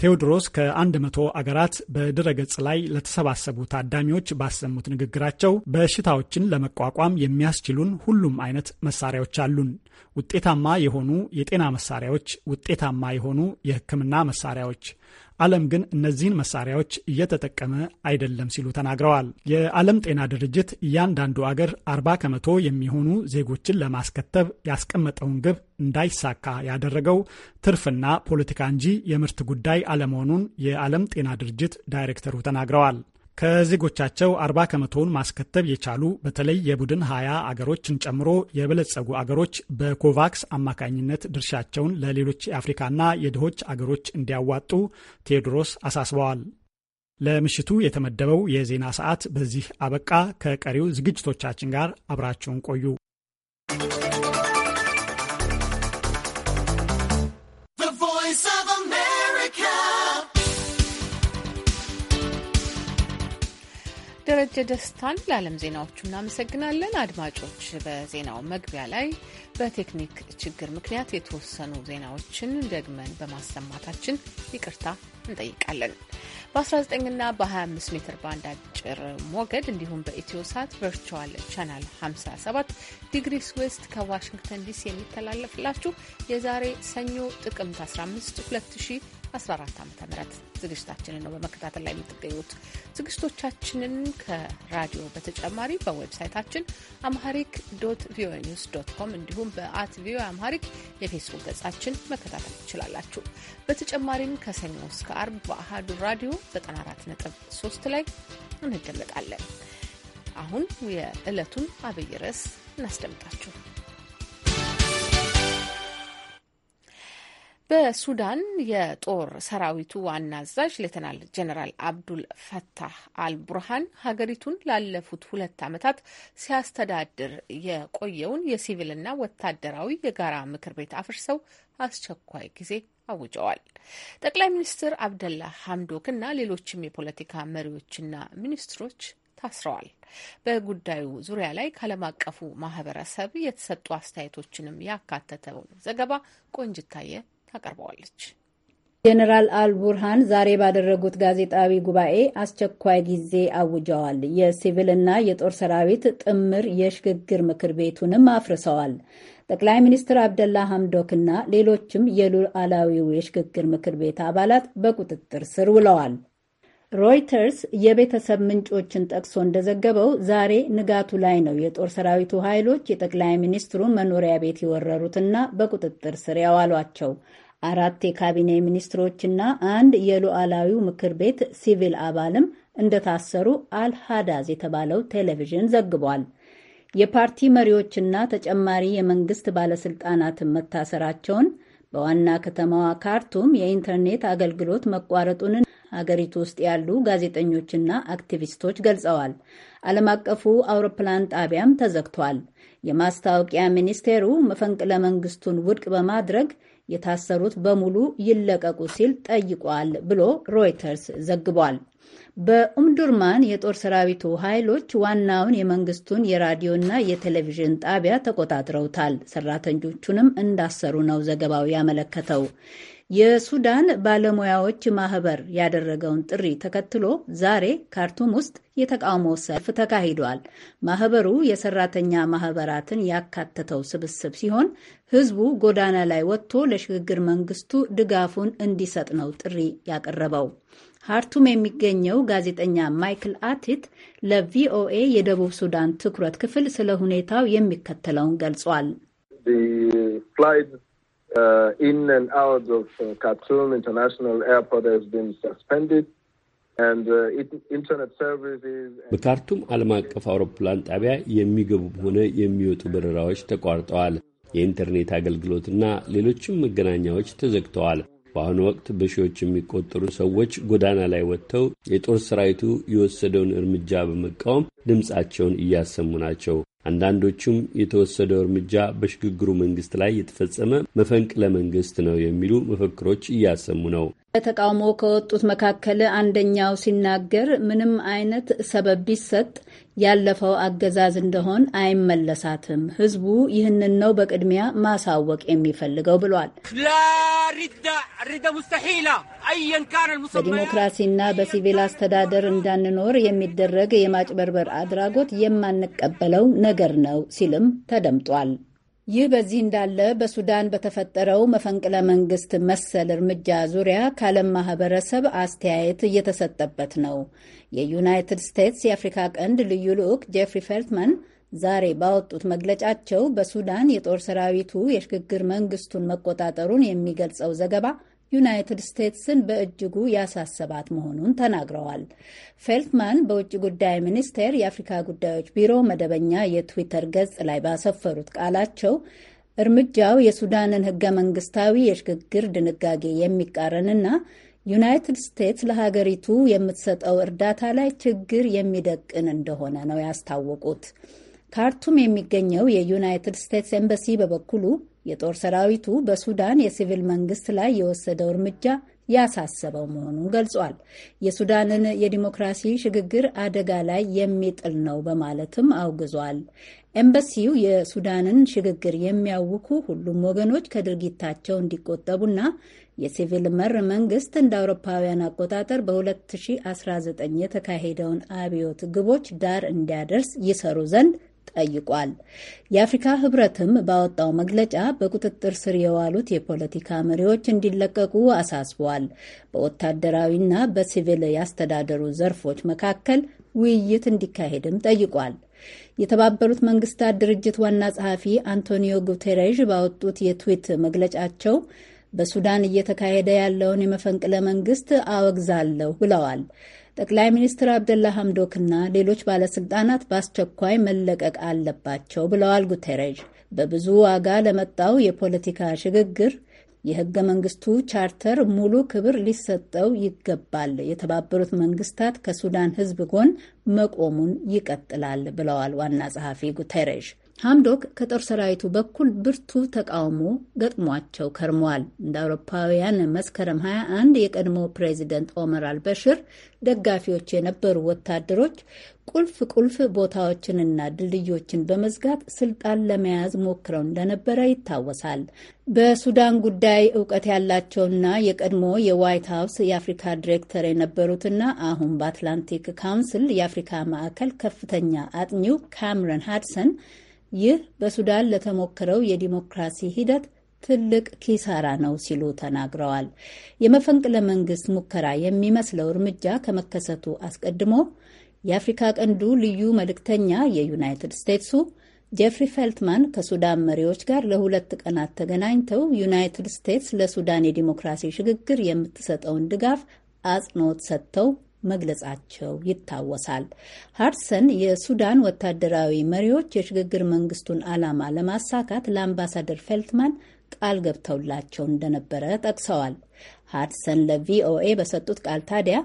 ቴዎድሮስ ከአንድ መቶ አገራት በድረገጽ ላይ ለተሰባሰቡ ታዳሚዎች ባሰሙት ንግግራቸው በሽታዎችን ለመቋቋም የሚያስችሉን ሁሉም አይነት መሳሪያዎች አሉን። ውጤታማ የሆኑ የጤና መሳሪያዎች፣ ውጤታማ የሆኑ የሕክምና መሳሪያዎች፣ ዓለም ግን እነዚህን መሳሪያዎች እየተጠቀመ አይደለም ሲሉ ተናግረዋል። የዓለም ጤና ድርጅት እያንዳንዱ አገር 40 ከመቶ የሚሆኑ ዜጎችን ለማስከተብ ያስቀመጠውን ግብ እንዳይሳካ ያደረገው ትርፍና ፖለቲካ እንጂ የምርት ጉዳይ አለመሆኑን የዓለም ጤና ድርጅት ዳይሬክተሩ ተናግረዋል። ከዜጎቻቸው 40 ከመቶውን ማስከተብ የቻሉ በተለይ የቡድን ሀያ አገሮችን ጨምሮ የበለጸጉ አገሮች በኮቫክስ አማካኝነት ድርሻቸውን ለሌሎች የአፍሪካና የድሆች አገሮች እንዲያዋጡ ቴዎድሮስ አሳስበዋል። ለምሽቱ የተመደበው የዜና ሰዓት በዚህ አበቃ። ከቀሪው ዝግጅቶቻችን ጋር አብራችሁን ቆዩ። ደረጀ ደስታን ለዓለም ዜናዎቹ እናመሰግናለን። አድማጮች፣ በዜናው መግቢያ ላይ በቴክኒክ ችግር ምክንያት የተወሰኑ ዜናዎችን ደግመን በማሰማታችን ይቅርታ እንጠይቃለን። በ19ና በ25 ሜትር ባንድ አጭር ሞገድ እንዲሁም በኢትዮ ሳት ቨርቹዋል ቻናል 57 ዲግሪስ ዌስት ከዋሽንግተን ዲሲ የሚተላለፍላችሁ የዛሬ ሰኞ ጥቅምት 15 2000 14 ዓ ም ዝግጅታችንን ነው በመከታተል ላይ የምትገኙት። ዝግጅቶቻችንን ከራዲዮ በተጨማሪ በዌብሳይታችን አምሃሪክ ዶት ቪኦኤ ኒውስ ዶት ኮም እንዲሁም በአት ቪኦኤ አምሃሪክ የፌስቡክ ገጻችን መከታተል ትችላላችሁ። በተጨማሪም ከሰኞ እስከ አርብ በአህዱ ራዲዮ 94.3 ላይ እንደመጣለን። አሁን የዕለቱን አብይ ርዕስ እናስደምጣችሁ። በሱዳን የጦር ሰራዊቱ ዋና አዛዥ ሌተናል ጀኔራል አብዱል ፈታህ አልቡርሃን ሀገሪቱን ላለፉት ሁለት ዓመታት ሲያስተዳድር የቆየውን የሲቪልና ወታደራዊ የጋራ ምክር ቤት አፍርሰው አስቸኳይ ጊዜ አውጀዋል። ጠቅላይ ሚኒስትር አብደላ ሀምዶክና ሌሎችም የፖለቲካ መሪዎችና ሚኒስትሮች ታስረዋል። በጉዳዩ ዙሪያ ላይ ከዓለም አቀፉ ማህበረሰብ የተሰጡ አስተያየቶችንም ያካተተውን ዘገባ ቆንጅታየ ታቀርበዋለች። ጄኔራል አልቡርሃን ዛሬ ባደረጉት ጋዜጣዊ ጉባኤ አስቸኳይ ጊዜ አውጀዋል። የሲቪልና የጦር ሰራዊት ጥምር የሽግግር ምክር ቤቱንም አፍርሰዋል። ጠቅላይ ሚኒስትር አብደላ ሐምዶክ እና ሌሎችም የሉዓላዊው የሽግግር ምክር ቤት አባላት በቁጥጥር ስር ውለዋል። ሮይተርስ የቤተሰብ ምንጮችን ጠቅሶ እንደዘገበው ዛሬ ንጋቱ ላይ ነው የጦር ሰራዊቱ ኃይሎች የጠቅላይ ሚኒስትሩን መኖሪያ ቤት የወረሩትና በቁጥጥር ስር ያዋሏቸው። አራት የካቢኔ ሚኒስትሮችና አንድ የሉዓላዊው ምክር ቤት ሲቪል አባልም እንደታሰሩ አልሃዳዝ የተባለው ቴሌቪዥን ዘግቧል። የፓርቲ መሪዎችና ተጨማሪ የመንግስት ባለስልጣናትን መታሰራቸውን በዋና ከተማዋ ካርቱም የኢንተርኔት አገልግሎት መቋረጡንን አገሪቱ ውስጥ ያሉ ጋዜጠኞችና አክቲቪስቶች ገልጸዋል። ዓለም አቀፉ አውሮፕላን ጣቢያም ተዘግቷል። የማስታወቂያ ሚኒስቴሩ መፈንቅለ መንግስቱን ውድቅ በማድረግ የታሰሩት በሙሉ ይለቀቁ ሲል ጠይቋል ብሎ ሮይተርስ ዘግቧል። በኡምዱርማን የጦር ሰራዊቱ ኃይሎች ዋናውን የመንግስቱን የራዲዮና የቴሌቪዥን ጣቢያ ተቆጣጥረውታል። ሰራተኞቹንም እንዳሰሩ ነው ዘገባው ያመለከተው። የሱዳን ባለሙያዎች ማህበር ያደረገውን ጥሪ ተከትሎ ዛሬ ካርቱም ውስጥ የተቃውሞ ሰልፍ ተካሂዷል። ማህበሩ የሰራተኛ ማህበራትን ያካተተው ስብስብ ሲሆን ህዝቡ ጎዳና ላይ ወጥቶ ለሽግግር መንግስቱ ድጋፉን እንዲሰጥ ነው ጥሪ ያቀረበው። ካርቱም የሚገኘው ጋዜጠኛ ማይክል አቲት ለቪኦኤ የደቡብ ሱዳን ትኩረት ክፍል ስለ ሁኔታው የሚከተለውን ገልጿል። uh, in and out of uh, Khartoum International Airport has been suspended. Uh, በካርቱም ዓለም አቀፍ አውሮፕላን ጣቢያ የሚገቡም ሆነ የሚወጡ በረራዎች ተቋርጠዋል። የኢንተርኔት አገልግሎትና ሌሎችም መገናኛዎች ተዘግተዋል። በአሁኑ ወቅት በሺዎች የሚቆጠሩ ሰዎች ጎዳና ላይ ወጥተው የጦር ሰራዊቱ የወሰደውን እርምጃ በመቃወም ድምፃቸውን እያሰሙ ናቸው። አንዳንዶቹም የተወሰደው እርምጃ በሽግግሩ መንግስት ላይ የተፈጸመ መፈንቅለ መንግስት ነው የሚሉ መፈክሮች እያሰሙ ነው። በተቃውሞ ከወጡት መካከል አንደኛው ሲናገር ምንም አይነት ሰበብ ቢሰጥ ያለፈው አገዛዝ እንደሆን አይመለሳትም፣ ህዝቡ ይህንን ነው በቅድሚያ ማሳወቅ የሚፈልገው ብሏል። በዲሞክራሲና በሲቪል አስተዳደር እንዳንኖር የሚደረግ የማጭበርበር አድራጎት የማንቀበለው ነገር ነው ሲልም ተደምጧል። ይህ በዚህ እንዳለ በሱዳን በተፈጠረው መፈንቅለ መንግስት መሰል እርምጃ ዙሪያ ከዓለም ማህበረሰብ አስተያየት እየተሰጠበት ነው። የዩናይትድ ስቴትስ የአፍሪካ ቀንድ ልዩ ልዑክ ጄፍሪ ፌልትማን ዛሬ ባወጡት መግለጫቸው በሱዳን የጦር ሰራዊቱ የሽግግር መንግስቱን መቆጣጠሩን የሚገልጸው ዘገባ ዩናይትድ ስቴትስን በእጅጉ ያሳሰባት መሆኑን ተናግረዋል። ፌልትማን በውጭ ጉዳይ ሚኒስቴር የአፍሪካ ጉዳዮች ቢሮ መደበኛ የትዊተር ገጽ ላይ ባሰፈሩት ቃላቸው እርምጃው የሱዳንን ህገ መንግስታዊ የሽግግር ድንጋጌ የሚቃረንና ዩናይትድ ስቴትስ ለሀገሪቱ የምትሰጠው እርዳታ ላይ ችግር የሚደቅን እንደሆነ ነው ያስታወቁት። ካርቱም የሚገኘው የዩናይትድ ስቴትስ ኤምበሲ በበኩሉ የጦር ሰራዊቱ በሱዳን የሲቪል መንግስት ላይ የወሰደው እርምጃ ያሳሰበው መሆኑን ገልጿል። የሱዳንን የዲሞክራሲ ሽግግር አደጋ ላይ የሚጥል ነው በማለትም አውግዟል። ኤምባሲው የሱዳንን ሽግግር የሚያውኩ ሁሉም ወገኖች ከድርጊታቸው እንዲቆጠቡና የሲቪል መር መንግስት እንደ አውሮፓውያን አቆጣጠር በ2019 የተካሄደውን አብዮት ግቦች ዳር እንዲያደርስ ይሰሩ ዘንድ ጠይቋል። የአፍሪካ ህብረትም ባወጣው መግለጫ በቁጥጥር ስር የዋሉት የፖለቲካ መሪዎች እንዲለቀቁ አሳስቧል። በወታደራዊና በሲቪል ያስተዳደሩ ዘርፎች መካከል ውይይት እንዲካሄድም ጠይቋል። የተባበሩት መንግስታት ድርጅት ዋና ጸሐፊ አንቶኒዮ ጉቴሬዥ ባወጡት የትዊት መግለጫቸው በሱዳን እየተካሄደ ያለውን የመፈንቅለ መንግስት አወግዛለሁ ብለዋል። ጠቅላይ ሚኒስትር አብደላ ሐምዶክና ሌሎች ባለስልጣናት በአስቸኳይ መለቀቅ አለባቸው ብለዋል ጉተረዥ በብዙ ዋጋ ለመጣው የፖለቲካ ሽግግር የህገ መንግስቱ ቻርተር ሙሉ ክብር ሊሰጠው ይገባል፣ የተባበሩት መንግስታት ከሱዳን ህዝብ ጎን መቆሙን ይቀጥላል ብለዋል ዋና ጸሐፊ ጉተረዥ። ሀምዶክ ከጦር ሰራዊቱ በኩል ብርቱ ተቃውሞ ገጥሟቸው ከርመዋል። እንደ አውሮፓውያን መስከረም 21 የቀድሞ ፕሬዚደንት ኦመር አልበሽር ደጋፊዎች የነበሩ ወታደሮች ቁልፍ ቁልፍ ቦታዎችንና ድልድዮችን በመዝጋት ስልጣን ለመያዝ ሞክረው እንደነበረ ይታወሳል። በሱዳን ጉዳይ እውቀት ያላቸውና የቀድሞ የዋይት ሀውስ የአፍሪካ ዲሬክተር የነበሩትና አሁን በአትላንቲክ ካውንስል የአፍሪካ ማዕከል ከፍተኛ አጥኚው ካምረን ሃድሰን ይህ በሱዳን ለተሞከረው የዲሞክራሲ ሂደት ትልቅ ኪሳራ ነው ሲሉ ተናግረዋል። የመፈንቅለ መንግስት ሙከራ የሚመስለው እርምጃ ከመከሰቱ አስቀድሞ የአፍሪካ ቀንዱ ልዩ መልእክተኛ የዩናይትድ ስቴትሱ ጄፍሪ ፌልትማን ከሱዳን መሪዎች ጋር ለሁለት ቀናት ተገናኝተው ዩናይትድ ስቴትስ ለሱዳን የዲሞክራሲ ሽግግር የምትሰጠውን ድጋፍ አጽንኦት ሰጥተው መግለጻቸው ይታወሳል። ሃድሰን የሱዳን ወታደራዊ መሪዎች የሽግግር መንግስቱን ዓላማ ለማሳካት ለአምባሳደር ፌልትማን ቃል ገብተውላቸው እንደነበረ ጠቅሰዋል። ሃድሰን ለቪኦኤ በሰጡት ቃል ታዲያ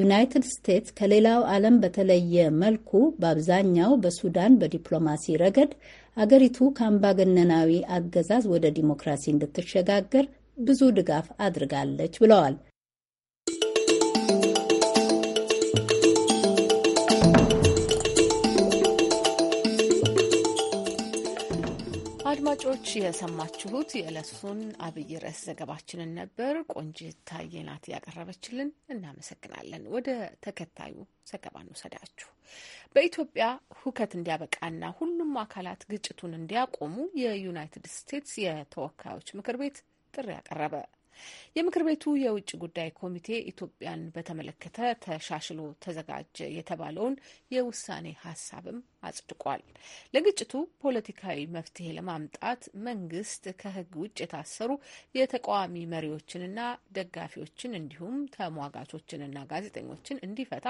ዩናይትድ ስቴትስ ከሌላው ዓለም በተለየ መልኩ በአብዛኛው በሱዳን በዲፕሎማሲ ረገድ አገሪቱ ከአምባገነናዊ አገዛዝ ወደ ዲሞክራሲ እንድትሸጋገር ብዙ ድጋፍ አድርጋለች ብለዋል። አድማጮች የሰማችሁት የዕለቱን አብይ ርዕስ ዘገባችንን ነበር። ቆንጂት ታየናት ያቀረበችልን። እናመሰግናለን። ወደ ተከታዩ ዘገባ እንውሰዳችሁ። በኢትዮጵያ ሁከት እንዲያበቃና ሁሉም አካላት ግጭቱን እንዲያቆሙ የዩናይትድ ስቴትስ የተወካዮች ምክር ቤት ጥሪ አቀረበ። የምክር ቤቱ የውጭ ጉዳይ ኮሚቴ ኢትዮጵያን በተመለከተ ተሻሽሎ ተዘጋጀ የተባለውን የውሳኔ ሀሳብም አጽድቋል። ለግጭቱ ፖለቲካዊ መፍትሄ ለማምጣት መንግስት ከህግ ውጭ የታሰሩ የተቃዋሚ መሪዎችንና ደጋፊዎችን እንዲሁም ተሟጋቾችንና ጋዜጠኞችን እንዲፈታ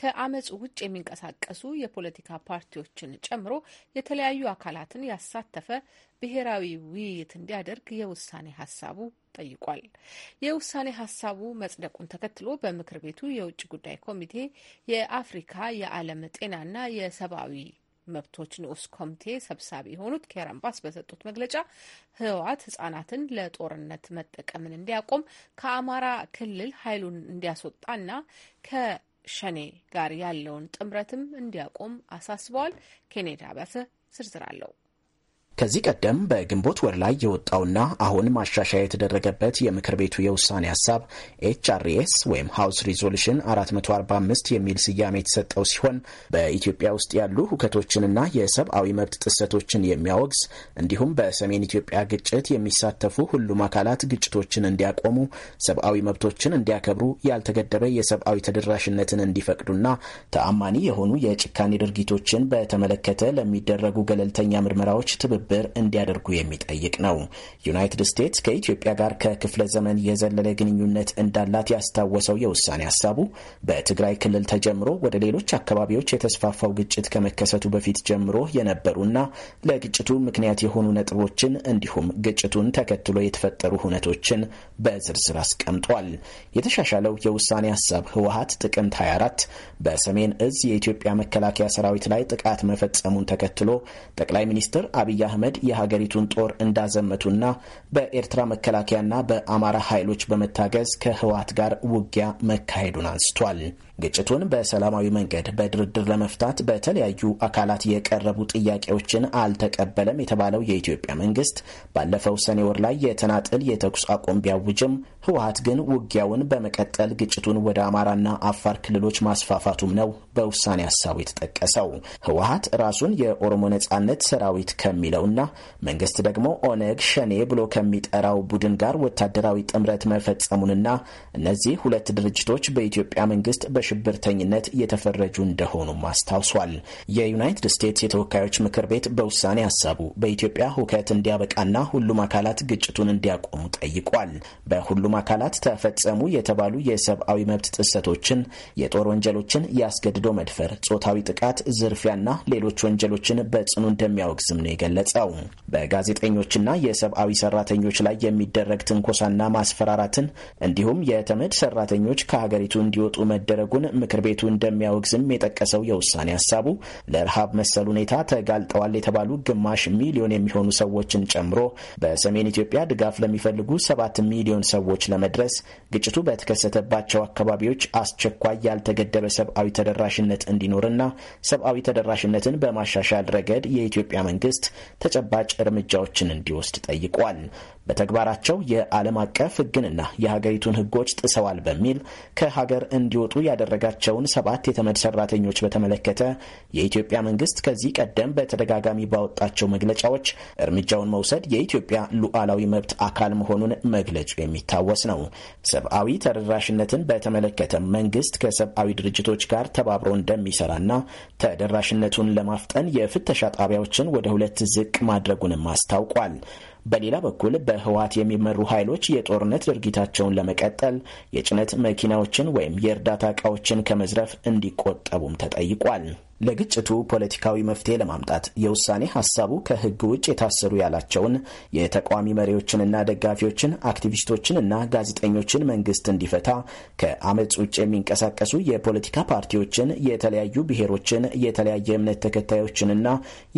ከአመፁ ውጭ የሚንቀሳቀሱ የፖለቲካ ፓርቲዎችን ጨምሮ የተለያዩ አካላትን ያሳተፈ ብሔራዊ ውይይት እንዲያደርግ የውሳኔ ሀሳቡ ጠይቋል። የውሳኔ ሀሳቡ መጽደቁን ተከትሎ በምክር ቤቱ የውጭ ጉዳይ ኮሚቴ የአፍሪካ የዓለም ጤናና የሰብአዊ መብቶች ንዑስ ኮሚቴ ሰብሳቢ የሆኑት ኬረምባስ በሰጡት መግለጫ ህወሓት ህጻናትን ለጦርነት መጠቀምን እንዲያቆም ከአማራ ክልል ኃይሉን እንዲያስወጣና ሸኔ ጋር ያለውን ጥምረትም እንዲያቆም አሳስበዋል። ኬኔዳ አባተ ዝርዝር አለው። ከዚህ ቀደም በግንቦት ወር ላይ የወጣውና አሁን ማሻሻያ የተደረገበት የምክር ቤቱ የውሳኔ ሀሳብ ኤችአርኤስ ወይም ሀውስ ሪዞሉሽን 445 የሚል ስያሜ የተሰጠው ሲሆን በኢትዮጵያ ውስጥ ያሉ ሁከቶችንና የሰብአዊ መብት ጥሰቶችን የሚያወግዝ እንዲሁም በሰሜን ኢትዮጵያ ግጭት የሚሳተፉ ሁሉም አካላት ግጭቶችን እንዲያቆሙ፣ ሰብአዊ መብቶችን እንዲያከብሩ፣ ያልተገደበ የሰብአዊ ተደራሽነትን እንዲፈቅዱና ተአማኒ የሆኑ የጭካኔ ድርጊቶችን በተመለከተ ለሚደረጉ ገለልተኛ ምርመራዎች ትብብ ትብብር እንዲያደርጉ የሚጠይቅ ነው። ዩናይትድ ስቴትስ ከኢትዮጵያ ጋር ከክፍለ ዘመን የዘለለ ግንኙነት እንዳላት ያስታወሰው የውሳኔ ሀሳቡ በትግራይ ክልል ተጀምሮ ወደ ሌሎች አካባቢዎች የተስፋፋው ግጭት ከመከሰቱ በፊት ጀምሮ የነበሩና ለግጭቱ ምክንያት የሆኑ ነጥቦችን እንዲሁም ግጭቱን ተከትሎ የተፈጠሩ ሁነቶችን በዝርዝር አስቀምጧል። የተሻሻለው የውሳኔ ሀሳብ ህወሀት ጥቅምት 24 በሰሜን እዝ የኢትዮጵያ መከላከያ ሰራዊት ላይ ጥቃት መፈጸሙን ተከትሎ ጠቅላይ ሚኒስትር አብይ አህመድ የሀገሪቱን ጦር እንዳዘመቱና በኤርትራ መከላከያና በአማራ ኃይሎች በመታገዝ ከህወሓት ጋር ውጊያ መካሄዱን አንስቷል። ግጭቱን በሰላማዊ መንገድ በድርድር ለመፍታት በተለያዩ አካላት የቀረቡ ጥያቄዎችን አልተቀበለም የተባለው የኢትዮጵያ መንግስት ባለፈው ሰኔ ወር ላይ የተናጥል የተኩስ አቁም ቢያውጅም ህወሀት ግን ውጊያውን በመቀጠል ግጭቱን ወደ አማራና አፋር ክልሎች ማስፋፋቱም ነው በውሳኔ ሀሳቡ የተጠቀሰው። ህወሀት ራሱን የኦሮሞ ነጻነት ሰራዊት ከሚለውና መንግስት ደግሞ ኦነግ ሸኔ ብሎ ከሚጠራው ቡድን ጋር ወታደራዊ ጥምረት መፈጸሙንና እነዚህ ሁለት ድርጅቶች በኢትዮጵያ መንግስት በ በሽብርተኝነት እየተፈረጁ እንደሆኑም አስታውሷል። የዩናይትድ ስቴትስ የተወካዮች ምክር ቤት በውሳኔ ሀሳቡ በኢትዮጵያ ሁከት እንዲያበቃና ሁሉም አካላት ግጭቱን እንዲያቆሙ ጠይቋል። በሁሉም አካላት ተፈጸሙ የተባሉ የሰብአዊ መብት ጥሰቶችን፣ የጦር ወንጀሎችን፣ ያስገድዶ መድፈር፣ ጾታዊ ጥቃት፣ ዝርፊያና ሌሎች ወንጀሎችን በጽኑ እንደሚያወግዝም ነው የገለጸው። በጋዜጠኞችና የሰብአዊ ሰራተኞች ላይ የሚደረግ ትንኮሳና ማስፈራራትን እንዲሁም የተመድ ሰራተኞች ከሀገሪቱ እንዲወጡ መደረጉ መደረጉን ምክር ቤቱ እንደሚያወግዝም የጠቀሰው የውሳኔ ሀሳቡ ለረሃብ መሰል ሁኔታ ተጋልጠዋል የተባሉ ግማሽ ሚሊዮን የሚሆኑ ሰዎችን ጨምሮ በሰሜን ኢትዮጵያ ድጋፍ ለሚፈልጉ ሰባት ሚሊዮን ሰዎች ለመድረስ ግጭቱ በተከሰተባቸው አካባቢዎች አስቸኳይ ያልተገደበ ሰብአዊ ተደራሽነት እንዲኖርና ሰብአዊ ተደራሽነትን በማሻሻል ረገድ የኢትዮጵያ መንግስት ተጨባጭ እርምጃዎችን እንዲወስድ ጠይቋል። በተግባራቸው የዓለም አቀፍ ሕግንና የሀገሪቱን ሕጎች ጥሰዋል በሚል ከሀገር እንዲወጡ ያደረጋቸውን ሰባት የተመድ ሰራተኞች በተመለከተ የኢትዮጵያ መንግስት ከዚህ ቀደም በተደጋጋሚ ባወጣቸው መግለጫዎች እርምጃውን መውሰድ የኢትዮጵያ ሉዓላዊ መብት አካል መሆኑን መግለጹ የሚታወስ ነው። ሰብአዊ ተደራሽነትን በተመለከተ መንግስት ከሰብአዊ ድርጅቶች ጋር ተባብሮ እንደሚሰራና ተደራሽነቱን ለማፍጠን የፍተሻ ጣቢያዎችን ወደ ሁለት ዝቅ ማድረጉንም አስታውቋል። በሌላ በኩል በህወሀት የሚመሩ ኃይሎች የጦርነት ድርጊታቸውን ለመቀጠል የጭነት መኪናዎችን ወይም የእርዳታ እቃዎችን ከመዝረፍ እንዲቆጠቡም ተጠይቋል። ለግጭቱ ፖለቲካዊ መፍትሄ ለማምጣት የውሳኔ ሀሳቡ ከሕግ ውጭ የታሰሩ ያላቸውን የተቃዋሚ መሪዎችንና ደጋፊዎችን፣ አክቲቪስቶችንና ጋዜጠኞችን መንግስት እንዲፈታ ከአመፅ ውጭ የሚንቀሳቀሱ የፖለቲካ ፓርቲዎችን፣ የተለያዩ ብሔሮችን፣ የተለያየ እምነት ተከታዮችንና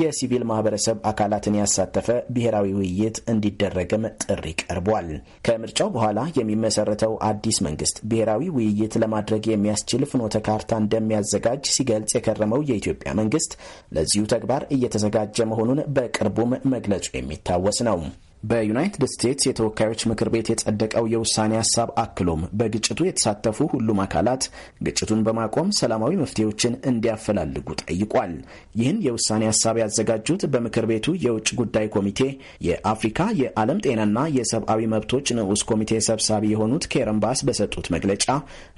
የሲቪል ማህበረሰብ አካላትን ያሳተፈ ብሔራዊ ውይይት እንዲደረግም ጥሪ ቀርቧል። ከምርጫው በኋላ የሚመሰረተው አዲስ መንግስት ብሔራዊ ውይይት ለማድረግ የሚያስችል ፍኖተ ካርታ እንደሚያዘጋጅ ሲገልጽ የከረመው የኢትዮጵያ መንግስት ለዚሁ ተግባር እየተዘጋጀ መሆኑን በቅርቡም መግለጹ የሚታወስ ነው። በዩናይትድ ስቴትስ የተወካዮች ምክር ቤት የጸደቀው የውሳኔ ሀሳብ አክሎም በግጭቱ የተሳተፉ ሁሉም አካላት ግጭቱን በማቆም ሰላማዊ መፍትሄዎችን እንዲያፈላልጉ ጠይቋል። ይህን የውሳኔ ሀሳብ ያዘጋጁት በምክር ቤቱ የውጭ ጉዳይ ኮሚቴ የአፍሪካ የዓለም ጤናና የሰብአዊ መብቶች ንዑስ ኮሚቴ ሰብሳቢ የሆኑት ኬረንባስ በሰጡት መግለጫ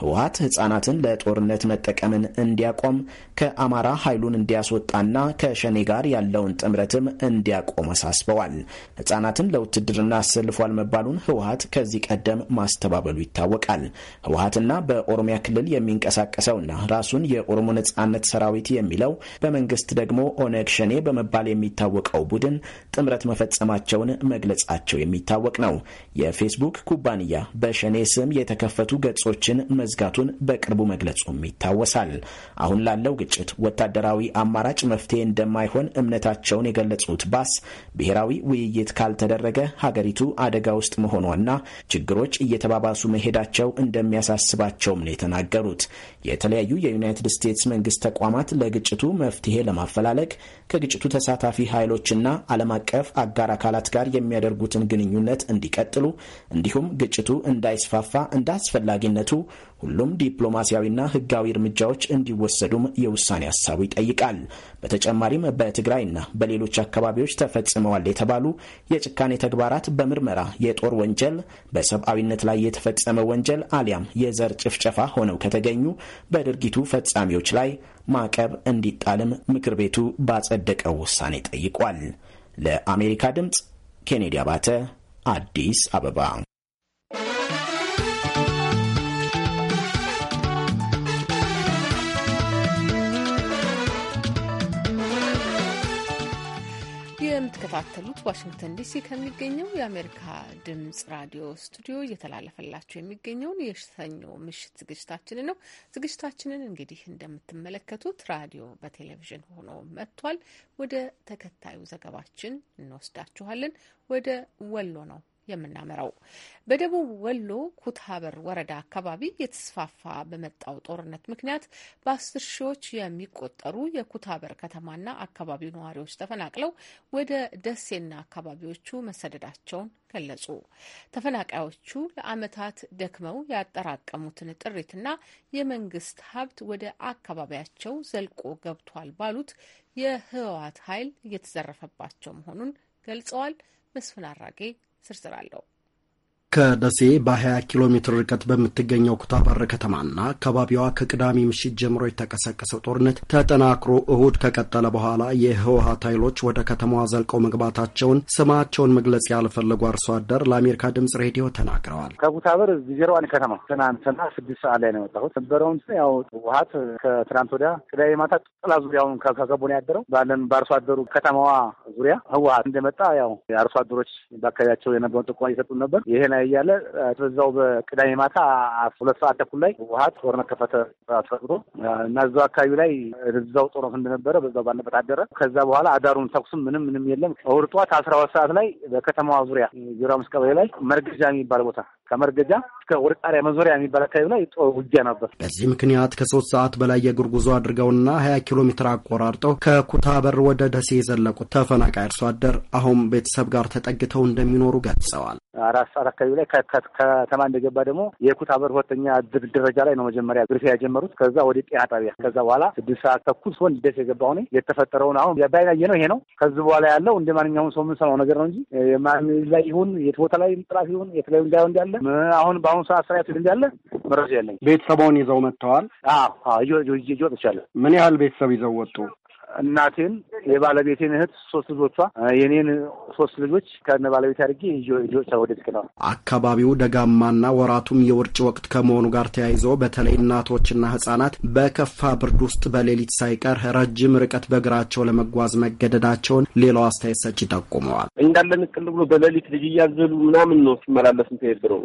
ህወሀት ህጻናትን ለጦርነት መጠቀምን እንዲያቆም ከአማራ ኃይሉን እንዲያስወጣና ከሸኔ ጋር ያለውን ጥምረትም እንዲያቆም አሳስበዋል። ህጻናትን ለውትድርና አሰልፏል መባሉን ህወሀት ከዚህ ቀደም ማስተባበሉ ይታወቃል። ህወሀትና በኦሮሚያ ክልል የሚንቀሳቀሰውና ራሱን የኦሮሞ ነጻነት ሰራዊት የሚለው በመንግስት ደግሞ ኦነግ ሸኔ በመባል የሚታወቀው ቡድን ጥምረት መፈጸማቸውን መግለጻቸው የሚታወቅ ነው። የፌስቡክ ኩባንያ በሸኔ ስም የተከፈቱ ገጾችን መዝጋቱን በቅርቡ መግለጹም ይታወሳል። አሁን ላለው ግጭት ወታደራዊ አማራጭ መፍትሄ እንደማይሆን እምነታቸውን የገለጹት ባስ ብሔራዊ ውይይት ካልተደረ እያደረገ ሀገሪቱ አደጋ ውስጥ መሆኗና ችግሮች እየተባባሱ መሄዳቸው እንደሚያሳስባቸውም ነው የተናገሩት። የተለያዩ የዩናይትድ ስቴትስ መንግስት ተቋማት ለግጭቱ መፍትሄ ለማፈላለግ ከግጭቱ ተሳታፊ ኃይሎችና ዓለም አቀፍ አጋር አካላት ጋር የሚያደርጉትን ግንኙነት እንዲቀጥሉ እንዲሁም ግጭቱ እንዳይስፋፋ እንደ አስፈላጊነቱ ሁሉም ዲፕሎማሲያዊና ሕጋዊ እርምጃዎች እንዲወሰዱም የውሳኔ ሀሳቡ ይጠይቃል። በተጨማሪም በትግራይና በሌሎች አካባቢዎች ተፈጽመዋል የተባሉ የጭካ የጭካኔ ተግባራት በምርመራ የጦር ወንጀል፣ በሰብአዊነት ላይ የተፈጸመ ወንጀል አሊያም የዘር ጭፍጨፋ ሆነው ከተገኙ በድርጊቱ ፈጻሚዎች ላይ ማዕቀብ እንዲጣልም ምክር ቤቱ ባጸደቀው ውሳኔ ጠይቋል። ለአሜሪካ ድምፅ ኬኔዲ አባተ አዲስ አበባ የምትከታተሉት ዋሽንግተን ዲሲ ከሚገኘው የአሜሪካ ድምጽ ራዲዮ ስቱዲዮ እየተላለፈላችሁ የሚገኘውን የሰኞ ምሽት ዝግጅታችንን ነው። ዝግጅታችንን እንግዲህ እንደምትመለከቱት ራዲዮ በቴሌቪዥን ሆኖ መጥቷል። ወደ ተከታዩ ዘገባችን እንወስዳችኋለን። ወደ ወሎ ነው የምናመራው። በደቡብ ወሎ ኩታበር ወረዳ አካባቢ የተስፋፋ በመጣው ጦርነት ምክንያት በአስር ሺዎች የሚቆጠሩ የኩታበር ከተማና አካባቢው ነዋሪዎች ተፈናቅለው ወደ ደሴና አካባቢዎቹ መሰደዳቸውን ገለጹ። ተፈናቃዮቹ ለዓመታት ደክመው ያጠራቀሙትን ጥሪትና የመንግስት ሀብት ወደ አካባቢያቸው ዘልቆ ገብቷል ባሉት የህወሓት ኃይል እየተዘረፈባቸው መሆኑን ገልጸዋል። መስፍን አራጌ ዝርዝር አለው። ከደሴ በ20 ኪሎ ሜትር ርቀት በምትገኘው ኩታበር ከተማና አካባቢዋ ከቅዳሜ ምሽት ጀምሮ የተቀሰቀሰው ጦርነት ተጠናክሮ እሁድ ከቀጠለ በኋላ የህወሀት ኃይሎች ወደ ከተማዋ ዘልቀው መግባታቸውን ስማቸውን መግለጽ ያልፈለጉ አርሶ አደር ለአሜሪካ ድምጽ ሬዲዮ ተናግረዋል። ከኩታበር ዜሮዋን ከተማ ትናንትና ስድስት ሰዓት ላይ ነው የወጣሁት። ነበረውን ያው ህወሀት ከትናንት ወዲያ ቅዳሜ ማታ ጥላ ዙሪያውን ከከቦ ነው ያደረው። ባለን በአርሶ አደሩ ከተማዋ ዙሪያ ህወሀት እንደመጣ ያው የአርሶ አደሮች በአካባቢያቸው የነበረውን ጥቆማ እየሰጡን ነበር። ይሄ እያለ በዛው በቅዳሜ ማታ ሁለት ሰዓት ተኩል ላይ ውሀት ጦርነት ከፈተ አስፈቅዶ እና እዛው አካባቢ ላይ እዛው ጦርነት እንደነበረ በዛው ባለበት አደረ። ከዛ በኋላ አዳሩን ተኩስም ምንም ምንም የለም። እሑድ ጠዋት አስራ ሁለት ሰዓት ላይ በከተማዋ ዙሪያ ዙሪያ ምስቀበሌ ላይ መርገጃ የሚባል ቦታ ከመርገጃ እስከ ወርቃሪያ መዞሪያ የሚባል አካባቢ ላይ ጦር ውጊያ ነበር። በዚህ ምክንያት ከሶስት ሰዓት በላይ የእግር ጉዞ አድርገውና ሀያ ኪሎ ሜትር አቆራርጠው ከኩታ በር ወደ ደሴ የዘለቁት ተፈናቃይ አርሶ አደር አሁን ቤተሰብ ጋር ተጠግተው እንደሚኖሩ ገልጸዋል። አራት ሰዓት አካባቢ ላይ ከተማ እንደገባ ደግሞ የኩታ በር ሁለተኛ ደረጃ ላይ ነው መጀመሪያ ግርፊ ያጀመሩት። ከዛ ወደ ጤና ጣቢያ ከዛ በኋላ ስድስት ሰዓት ተኩል ሲሆን ደሴ የገባ ሆኔ የተፈጠረውን አሁን ባይናየ ነው ይሄ ነው። ከዚህ በኋላ ያለው እንደ ማንኛውም ሰው የምንሰማው ነገር ነው እንጂ ማን ላይ ይሁን የት ቦታ ላይ ጥላት ይሁን የተለያዩ ላይ እንዳለ አሁን በአሁኑ ሰዓት ስራ የት እንዳለ መረጃ የለኝ። ቤተሰቦን ይዘው መጥተዋል። ይዞ ምን ያህል ቤተሰብ ይዘው ወጡ? እናቴን የባለቤቴን እህት ሶስት ልጆቿ የኔን ሶስት ልጆች ከነ ባለቤት አድርጌ ልጆች ወደድቅ ነው። አካባቢው ደጋማና ወራቱም የውርጭ ወቅት ከመሆኑ ጋር ተያይዞ በተለይ እናቶችና ህጻናት በከፋ ብርድ ውስጥ በሌሊት ሳይቀር ረጅም ርቀት በእግራቸው ለመጓዝ መገደዳቸውን ሌላው አስተያየት ሰጪ ጠቁመዋል። እንዳለ ንቅል ብሎ በሌሊት ልጅ እያዘሉ ምናምን ነው ሲመላለስ ንትሄድ ነው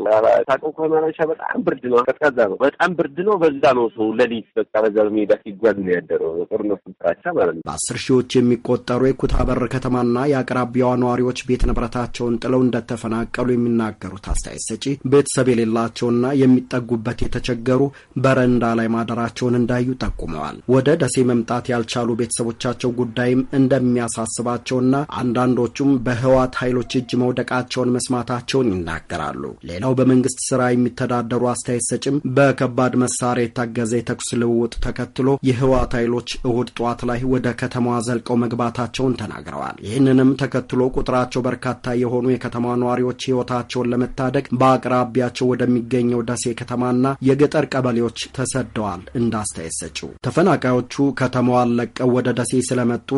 ታቀው ከመናሻ በጣም ብርድ ነው። ቀዝቃዛ ነው። በጣም ብርድ ነው። በዛ ነው ሰው ሌሊት በቃ በዛ በሜዳ ሲጓዝ ነው ያደረው ጦርነቱ ስራቻ ማለት ነው ተገኝተዋል። በአስር ሺዎች የሚቆጠሩ የኩታበር ከተማና የአቅራቢያዋ ነዋሪዎች ቤት ንብረታቸውን ጥለው እንደተፈናቀሉ የሚናገሩት አስተያየት ሰጪ ቤተሰብ የሌላቸውና የሚጠጉበት የተቸገሩ በረንዳ ላይ ማደራቸውን እንዳዩ ጠቁመዋል። ወደ ደሴ መምጣት ያልቻሉ ቤተሰቦቻቸው ጉዳይም እንደሚያሳስባቸውና አንዳንዶቹም በህዋት ኃይሎች እጅ መውደቃቸውን መስማታቸውን ይናገራሉ። ሌላው በመንግስት ስራ የሚተዳደሩ አስተያየት ሰጭም በከባድ መሳሪያ የታገዘ የተኩስ ልውውጥ ተከትሎ የህዋት ኃይሎች እሁድ ጠዋት ላይ ወደ ወደ ከተማዋ ዘልቀው መግባታቸውን ተናግረዋል። ይህንንም ተከትሎ ቁጥራቸው በርካታ የሆኑ የከተማ ነዋሪዎች ሕይወታቸውን ለመታደግ በአቅራቢያቸው ወደሚገኘው ደሴ ከተማና የገጠር ቀበሌዎች ተሰደዋል። እንዳስተያየት ሰጪው ተፈናቃዮቹ ከተማዋን ለቀው ወደ ደሴ ስለመጡ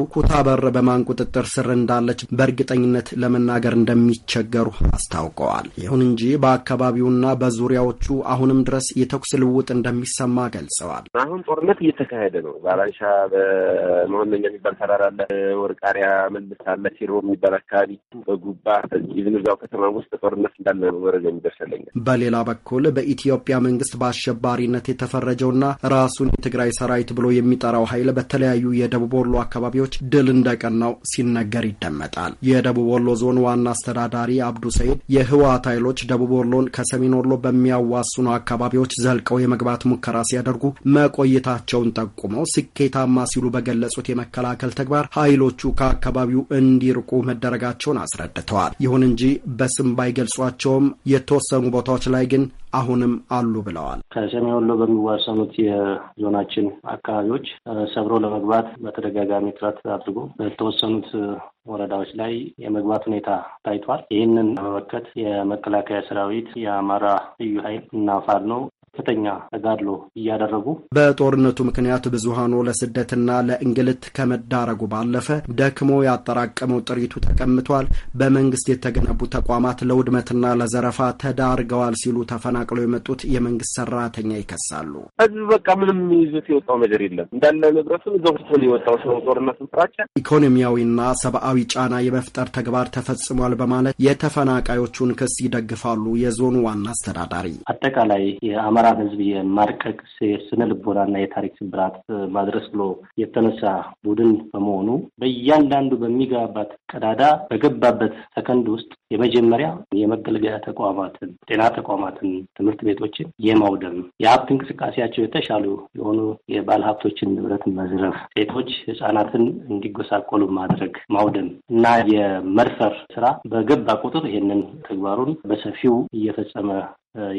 በር በማን ቁጥጥር ስር እንዳለች በእርግጠኝነት ለመናገር እንደሚቸገሩ አስታውቀዋል። ይሁን እንጂ በአካባቢውና በዙሪያዎቹ አሁንም ድረስ የተኩስ ልውውጥ እንደሚሰማ ገልጸዋል። አሁን ጦርነት እየተካሄደ ነው። ባላንሻ እነኛ የሚባል ተራራ አለ፣ ወርቃሪያ መልስ አለ፣ ሲሮ የሚባል አካባቢ በጉባ ኢቭን እዛው ከተማ ውስጥ ጦርነት እንዳለ ነው መረጃ የሚደርሰለኛል። በሌላ በኩል በኢትዮጵያ መንግስት በአሸባሪነት የተፈረጀውና ራሱን የትግራይ ሰራዊት ብሎ የሚጠራው ኃይል በተለያዩ የደቡብ ወሎ አካባቢዎች ድል እንደቀናው ሲነገር ይደመጣል። የደቡብ ወሎ ዞን ዋና አስተዳዳሪ አብዱ ሰይድ የህወሓት ኃይሎች ደቡብ ወሎን ከሰሜን ወሎ በሚያዋስኑ አካባቢዎች ዘልቀው የመግባት ሙከራ ሲያደርጉ መቆየታቸውን ጠቁመው ስኬታማ ሲሉ በገለጹት ያደረጉት የመከላከል ተግባር ኃይሎቹ ከአካባቢው እንዲርቁ መደረጋቸውን አስረድተዋል። ይሁን እንጂ በስም ባይገልጿቸውም የተወሰኑ ቦታዎች ላይ ግን አሁንም አሉ ብለዋል። ከሰሜን ወሎ በሚዋሰኑት የዞናችን አካባቢዎች ሰብሮ ለመግባት በተደጋጋሚ ጥረት አድርጎ በተወሰኑት ወረዳዎች ላይ የመግባት ሁኔታ ታይቷል። ይህንን ለመመከት የመከላከያ ሰራዊት፣ የአማራ ልዩ ኃይል እና ፋኖ ከፍተኛ ተጋድሎ እያደረጉ በጦርነቱ ምክንያት ብዙሃኑ ለስደትና ለእንግልት ከመዳረጉ ባለፈ ደክሞ ያጠራቀመው ጥሪቱ ተቀምቷል። በመንግስት የተገነቡ ተቋማት ለውድመትና ለዘረፋ ተዳርገዋል ሲሉ ተፈናቅለው የመጡት የመንግስት ሰራተኛ ይከሳሉ። ህዝብ በቃ ምንም ይዞት የወጣው ነገር የለም እንዳለ ንብረቱን ዘውትን የወጣው ሰው ጦርነት ስራቸው ኢኮኖሚያዊና ሰብአዊ ጫና የመፍጠር ተግባር ተፈጽሟል በማለት የተፈናቃዮቹን ክስ ይደግፋሉ። የዞኑ ዋና አስተዳዳሪ አጠቃላይ የአማራ የአማራን ህዝብ የማርቀቅ የስነ ልቦናና የታሪክ ስብራት ማድረስ ብሎ የተነሳ ቡድን በመሆኑ በእያንዳንዱ በሚገባበት ቀዳዳ በገባበት ሰከንድ ውስጥ የመጀመሪያ የመገልገያ ተቋማትን፣ ጤና ተቋማትን፣ ትምህርት ቤቶችን የማውደም የሀብት እንቅስቃሴያቸው የተሻሉ የሆኑ የባለ ሀብቶችን ንብረት መዝረፍ፣ ሴቶች ህጻናትን እንዲጎሳቆሉ ማድረግ ማውደም እና የመድፈር ስራ በገባ ቁጥር ይህንን ተግባሩን በሰፊው እየፈጸመ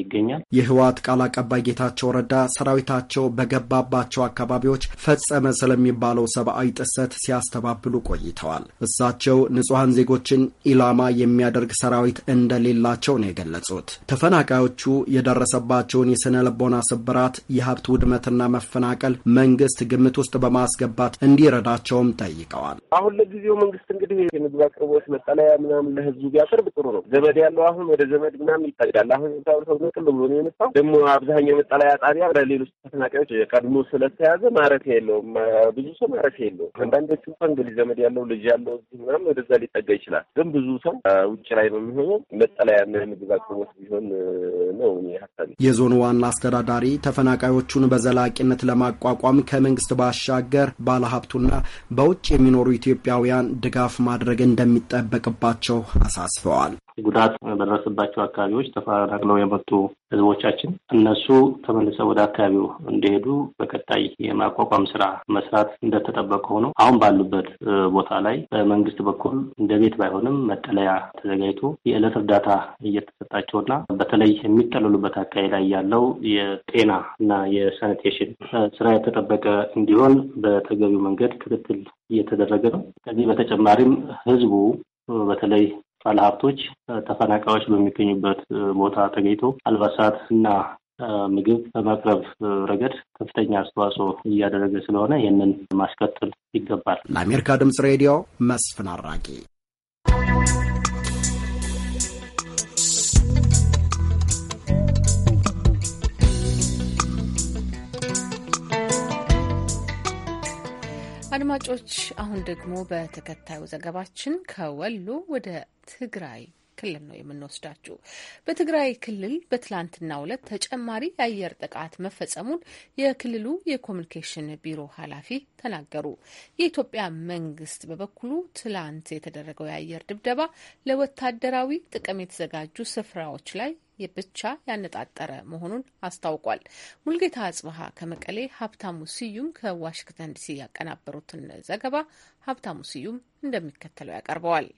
ይገኛል። የህወሓት ቃል አቀባይ ጌታቸው ረዳ ሰራዊታቸው በገባባቸው አካባቢዎች ፈጸመ ስለሚባለው ሰብአዊ ጥሰት ሲያስተባብሉ ቆይተዋል። እሳቸው ንጹሐን ዜጎችን ኢላማ የሚያደርግ ሰራዊት እንደሌላቸው ነው የገለጹት። ተፈናቃዮቹ የደረሰባቸውን የስነ ልቦና ስብራት፣ የሀብት ውድመትና መፈናቀል መንግስት ግምት ውስጥ በማስገባት እንዲረዳቸውም ጠይቀዋል። አሁን ለጊዜው መንግስት እንግዲህ የምግብ አቅርቦት መጠለያ ምናምን ለህዝቡ ቢያቀርብ ጥሩ ነው። ዘመድ ያለው አሁን ወደ ዘመድ ምናምን ይጠቅዳል አሁን ተብሎ ቅል ብሎ ነው የመጣው። ደግሞ አብዛኛው መጠለያ ጣቢያ ለሌሎች ተፈናቃዮች ቀድሞ ስለተያዘ ማረፊያ የለውም። ብዙ ሰው ማረፊያ የለውም። አንዳንዶቹ እንኳ እንግዲህ ዘመድ ያለው ልጅ ያለው ምናምን ወደዛ ሊጠጋ ይችላል። ግን ብዙ ሰው ውጭ ላይ ነው የሚሆነው። መጠለያና የምግብ አቅርቦት ቢሆን ነው ሀሳቢ። የዞኑ ዋና አስተዳዳሪ ተፈናቃዮቹን በዘላቂነት ለማቋቋም ከመንግስት ባሻገር ባለሀብቱና በውጭ የሚኖሩ ኢትዮጵያውያን ድጋፍ ማድረግ እንደሚጠበቅባቸው አሳስበዋል። ጉዳት በደረሰባቸው አካባቢዎች ተፈናቅለው የመጡ ህዝቦቻችን እነሱ ተመልሰው ወደ አካባቢው እንዲሄዱ በቀጣይ የማቋቋም ስራ መስራት እንደተጠበቀ ሆኖ አሁን ባሉበት ቦታ ላይ በመንግስት በኩል እንደ ቤት ባይሆንም መጠለያ ተዘጋጅቶ የዕለት እርዳታ እየተሰጣቸውና በተለይ የሚጠለሉበት አካባቢ ላይ ያለው የጤና እና የሳኒቴሽን ስራ የተጠበቀ እንዲሆን በተገቢው መንገድ ክትትል እየተደረገ ነው። ከዚህ በተጨማሪም ህዝቡ በተለይ ባለሀብቶች ተፈናቃዮች በሚገኙበት ቦታ ተገኝቶ አልባሳት እና ምግብ በማቅረብ ረገድ ከፍተኛ አስተዋጽኦ እያደረገ ስለሆነ ይህንን ማስከተል ይገባል። ለአሜሪካ ድምጽ ሬዲዮ መስፍን አራቂ አድማጮች አሁን ደግሞ በተከታዩ ዘገባችን ከወሎ ወደ ትግራይ ክልል ነው የምንወስዳችሁ። በትግራይ ክልል በትላንትናው ዕለት ተጨማሪ የአየር ጥቃት መፈጸሙን የክልሉ የኮሚኒኬሽን ቢሮ ኃላፊ ተናገሩ። የኢትዮጵያ መንግስት በበኩሉ ትላንት የተደረገው የአየር ድብደባ ለወታደራዊ ጥቅም የተዘጋጁ ስፍራዎች ላይ ብቻ ያነጣጠረ መሆኑን አስታውቋል። ሙልጌታ አጽብሃ ከመቀሌ፣ ሀብታሙ ስዩም ከዋሽንግተን ዲሲ ያቀናበሩትን ዘገባ ሀብታሙ ስዩም እንደሚከተለው ያቀርበዋል።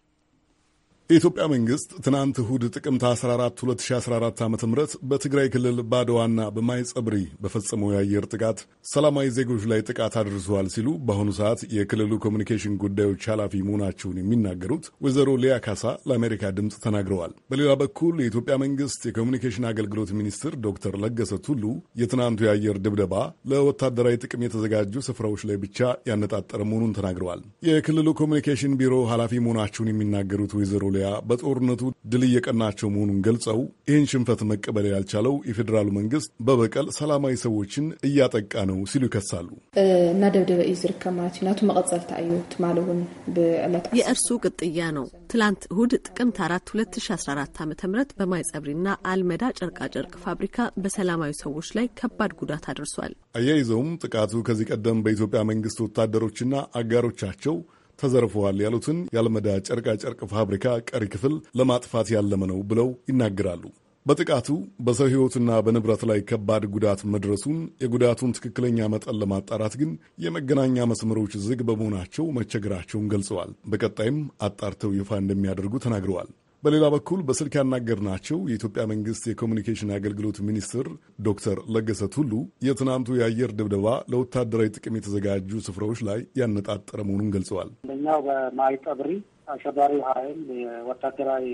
የኢትዮጵያ መንግሥት ትናንት እሁድ ጥቅምት 14 2014 ዓ ም በትግራይ ክልል ባድዋና በማይጸብሪ በፈጸመው የአየር ጥቃት ሰላማዊ ዜጎች ላይ ጥቃት አድርሰዋል ሲሉ በአሁኑ ሰዓት የክልሉ ኮሚኒኬሽን ጉዳዮች ኃላፊ መሆናቸውን የሚናገሩት ወይዘሮ ሊያ ካሳ ለአሜሪካ ድምፅ ተናግረዋል። በሌላ በኩል የኢትዮጵያ መንግሥት የኮሚኒኬሽን አገልግሎት ሚኒስትር ዶክተር ለገሰ ቱሉ የትናንቱ የአየር ድብደባ ለወታደራዊ ጥቅም የተዘጋጁ ስፍራዎች ላይ ብቻ ያነጣጠረ መሆኑን ተናግረዋል። የክልሉ ኮሚኒኬሽን ቢሮ ኃላፊ መሆናቸውን የሚናገሩት ወይዘሮ ሶሪያ በጦርነቱ ድል እየቀናቸው መሆኑን ገልጸው ይህን ሽንፈት መቀበል ያልቻለው የፌዴራሉ መንግስት በበቀል ሰላማዊ ሰዎችን እያጠቃ ነው ሲሉ ይከሳሉ። ደብደበ እዩ ዝርከብ ማለት ናቱ መቐፀልታ እዩ ትማል ብዕለት የእርሱ ቅጥያ ነው። ትላንት እሁድ ጥቅምት 4 2014 ዓ ም በማይጸብሪና አልመዳ ጨርቃጨርቅ ፋብሪካ በሰላማዊ ሰዎች ላይ ከባድ ጉዳት አድርሷል። አያይዘውም ጥቃቱ ከዚህ ቀደም በኢትዮጵያ መንግስት ወታደሮችና አጋሮቻቸው ተዘርፈዋል ያሉትን የአልመዳ ጨርቃጨርቅ ፋብሪካ ቀሪ ክፍል ለማጥፋት ያለመ ነው ብለው ይናገራሉ። በጥቃቱ በሰው ሕይወትና በንብረት ላይ ከባድ ጉዳት መድረሱን፣ የጉዳቱን ትክክለኛ መጠን ለማጣራት ግን የመገናኛ መስመሮች ዝግ በመሆናቸው መቸገራቸውን ገልጸዋል። በቀጣይም አጣርተው ይፋ እንደሚያደርጉ ተናግረዋል። በሌላ በኩል በስልክ ያናገርናቸው የኢትዮጵያ መንግስት የኮሚኒኬሽን አገልግሎት ሚኒስትር ዶክተር ለገሰ ቱሉ የትናንቱ የአየር ድብደባ ለወታደራዊ ጥቅም የተዘጋጁ ስፍራዎች ላይ ያነጣጠረ መሆኑን ገልጸዋል። አንደኛው በማይጠብሪ አሸባሪው ኃይል ወታደራዊ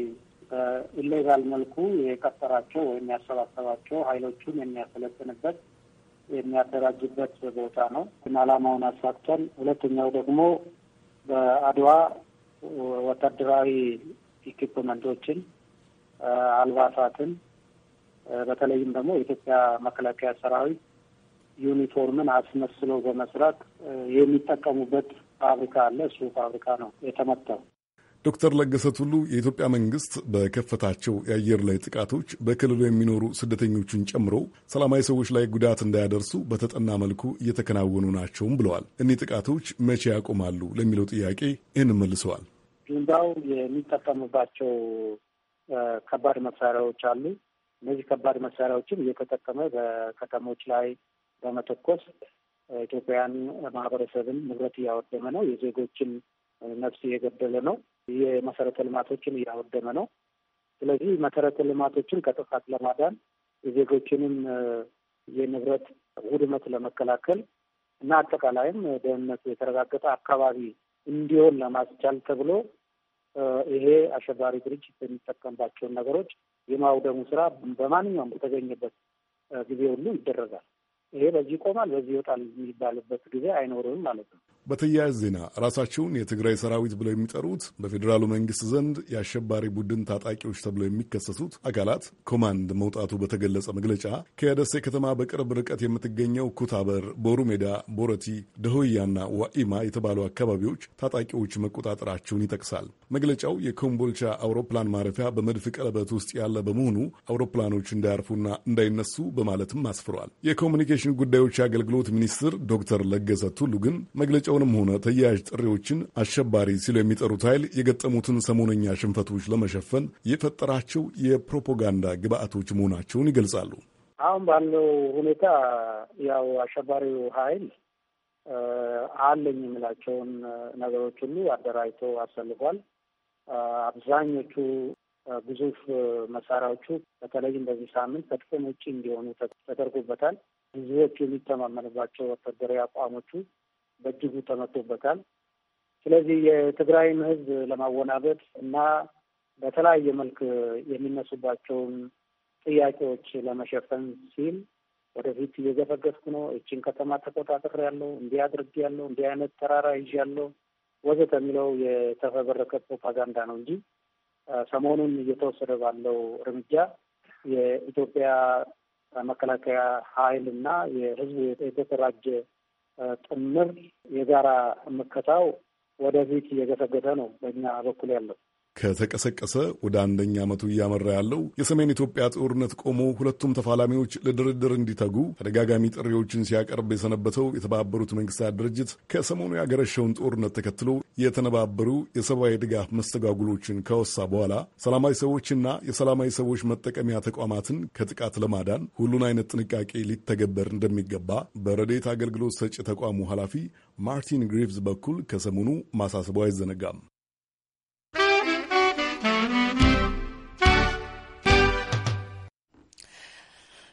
በኢሌጋል መልኩ የቀጠራቸው ወይም ያሰባሰባቸው ኃይሎቹን የሚያሰለጥንበት የሚያደራጅበት ቦታ ነው። አላማውን አሳክቷል። ሁለተኛው ደግሞ በአድዋ ወታደራዊ ኢኩፕመንቶችን፣ አልባሳትን በተለይም ደግሞ የኢትዮጵያ መከላከያ ሰራዊት ዩኒፎርምን አስመስሎ በመስራት የሚጠቀሙበት ፋብሪካ አለ። እሱ ፋብሪካ ነው የተመታው። ዶክተር ለገሰ ቱሉ የኢትዮጵያ መንግስት በከፈታቸው የአየር ላይ ጥቃቶች በክልሉ የሚኖሩ ስደተኞችን ጨምሮ ሰላማዊ ሰዎች ላይ ጉዳት እንዳያደርሱ በተጠና መልኩ እየተከናወኑ ናቸውም ብለዋል። እኒህ ጥቃቶች መቼ ያቆማሉ ለሚለው ጥያቄ ይህን መልሰዋል። በአንዳው የሚጠቀምባቸው ከባድ መሳሪያዎች አሉ። እነዚህ ከባድ መሳሪያዎችን እየተጠቀመ በከተሞች ላይ በመተኮስ ኢትዮጵያን ማህበረሰብን ንብረት እያወደመ ነው። የዜጎችን ነፍስ እየገደለ ነው። የመሰረተ ልማቶችን እያወደመ ነው። ስለዚህ መሰረተ ልማቶችን ከጥፋት ለማዳን የዜጎችንም የንብረት ውድመት ለመከላከል እና አጠቃላይም ደህንነቱ የተረጋገጠ አካባቢ እንዲሆን ለማስቻል ተብሎ ይሄ አሸባሪ ድርጅት የሚጠቀምባቸውን ነገሮች የማውደሙ ስራ በማንኛውም በተገኘበት ጊዜ ሁሉ ይደረጋል። ይሄ በዚህ ይቆማል፣ በዚህ ይወጣል የሚባልበት ጊዜ አይኖርም ማለት ነው። በተያያዝ ዜና ራሳቸውን የትግራይ ሰራዊት ብለው የሚጠሩት በፌዴራሉ መንግስት ዘንድ የአሸባሪ ቡድን ታጣቂዎች ተብለው የሚከሰሱት አካላት ኮማንድ መውጣቱ በተገለጸ መግለጫ ከደሴ ከተማ በቅርብ ርቀት የምትገኘው ኩታበር፣ ቦሩ ሜዳ፣ ቦረቲ፣ ደሆያና ዋኢማ የተባሉ አካባቢዎች ታጣቂዎች መቆጣጠራቸውን ይጠቅሳል። መግለጫው የኮምቦልቻ አውሮፕላን ማረፊያ በመድፍ ቀለበት ውስጥ ያለ በመሆኑ አውሮፕላኖች እንዳያርፉና እንዳይነሱ በማለትም አስፍሯል። የኮሚኒኬሽን ጉዳዮች አገልግሎት ሚኒስትር ዶክተር ለገሰ ቱሉ ግን መግለጫው የዘመቻውንም ሆነ ተያያዥ ጥሪዎችን አሸባሪ ሲሉ የሚጠሩት ኃይል የገጠሙትን ሰሞነኛ ሽንፈቶች ለመሸፈን የፈጠራቸው የፕሮፓጋንዳ ግብአቶች መሆናቸውን ይገልጻሉ። አሁን ባለው ሁኔታ ያው አሸባሪው ኃይል አለኝ የሚላቸውን ነገሮች ሁሉ አደራጅቶ አሰልፏል። አብዛኞቹ ግዙፍ መሳሪያዎቹ በተለይ በዚህ ሳምንት ከጥቅም ውጭ እንዲሆኑ ተደርጎበታል። ብዙዎቹ የሚተማመንባቸው ወታደራዊ አቋሞቹ በእጅጉ ተመቶበታል። ስለዚህ የትግራይን ህዝብ ለማወናበድ እና በተለያየ መልክ የሚነሱባቸውን ጥያቄዎች ለመሸፈን ሲል ወደፊት እየዘፈገፍኩ ነው፣ እችን ከተማ ተቆጣጠር ያለው እንዲህ አድርግ ያለው እንዲህ አይነት ተራራ ይዤ ያለው ወዘተ የሚለው የተፈበረከ ፕሮፓጋንዳ ነው እንጂ ሰሞኑን እየተወሰደ ባለው እርምጃ የኢትዮጵያ መከላከያ ኃይል እና የህዝቡ የተደራጀ ጥምር የጋራ መከታው ወደፊት እየገሰገሰ ነው በእኛ በኩል ያለው ከተቀሰቀሰ ወደ አንደኛ ዓመቱ እያመራ ያለው የሰሜን ኢትዮጵያ ጦርነት ቆሞ ሁለቱም ተፋላሚዎች ለድርድር እንዲተጉ ተደጋጋሚ ጥሪዎችን ሲያቀርብ የሰነበተው የተባበሩት መንግስታት ድርጅት ከሰሞኑ ያገረሸውን ጦርነት ተከትሎ የተነባበሩ የሰብአዊ ድጋፍ መስተጓጉሎችን ከወሳ በኋላ ሰላማዊ ሰዎችና የሰላማዊ ሰዎች መጠቀሚያ ተቋማትን ከጥቃት ለማዳን ሁሉን አይነት ጥንቃቄ ሊተገበር እንደሚገባ በረዴት አገልግሎት ሰጪ ተቋሙ ኃላፊ ማርቲን ግሪቭዝ በኩል ከሰሞኑ ማሳሰቡ አይዘነጋም።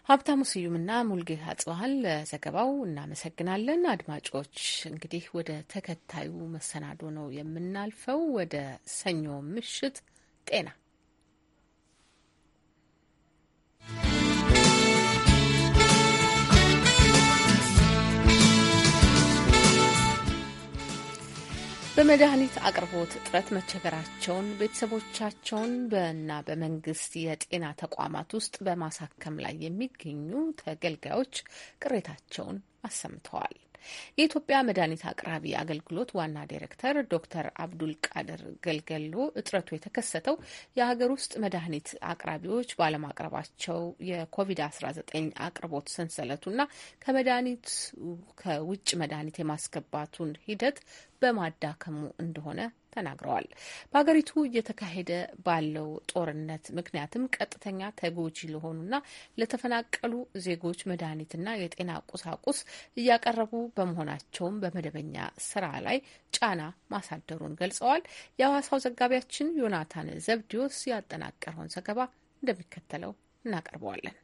ሀብታሙ ስዩምና ሙልጌታ አጽባሃል ለዘገባው እናመሰግናለን። አድማጮች እንግዲህ ወደ ተከታዩ መሰናዶ ነው የምናልፈው። ወደ ሰኞ ምሽት ጤና በመድኃኒት አቅርቦት እጥረት መቸገራቸውን ቤተሰቦቻቸውን በና በመንግስት የጤና ተቋማት ውስጥ በማሳከም ላይ የሚገኙ ተገልጋዮች ቅሬታቸውን አሰምተዋል። የኢትዮጵያ መድኃኒት አቅራቢ አገልግሎት ዋና ዳይሬክተር ዶክተር አብዱል ቃድር ገልገሎ እጥረቱ የተከሰተው የሀገር ውስጥ መድኃኒት አቅራቢዎች ባለማቅረባቸው የኮቪድ-19 አቅርቦት ሰንሰለቱና ከመድኃኒት ከውጭ መድኃኒት የማስገባቱን ሂደት በማዳከሙ እንደሆነ ተናግረዋል። በሀገሪቱ እየተካሄደ ባለው ጦርነት ምክንያትም ቀጥተኛ ተጎጂ ለሆኑና ለተፈናቀሉ ዜጎች መድኃኒትና የጤና ቁሳቁስ እያቀረቡ በመሆናቸውም በመደበኛ ስራ ላይ ጫና ማሳደሩን ገልጸዋል። የሐዋሳው ዘጋቢያችን ዮናታን ዘብዲዮስ ያጠናቀረውን ዘገባ እንደሚከተለው እናቀርበዋለን።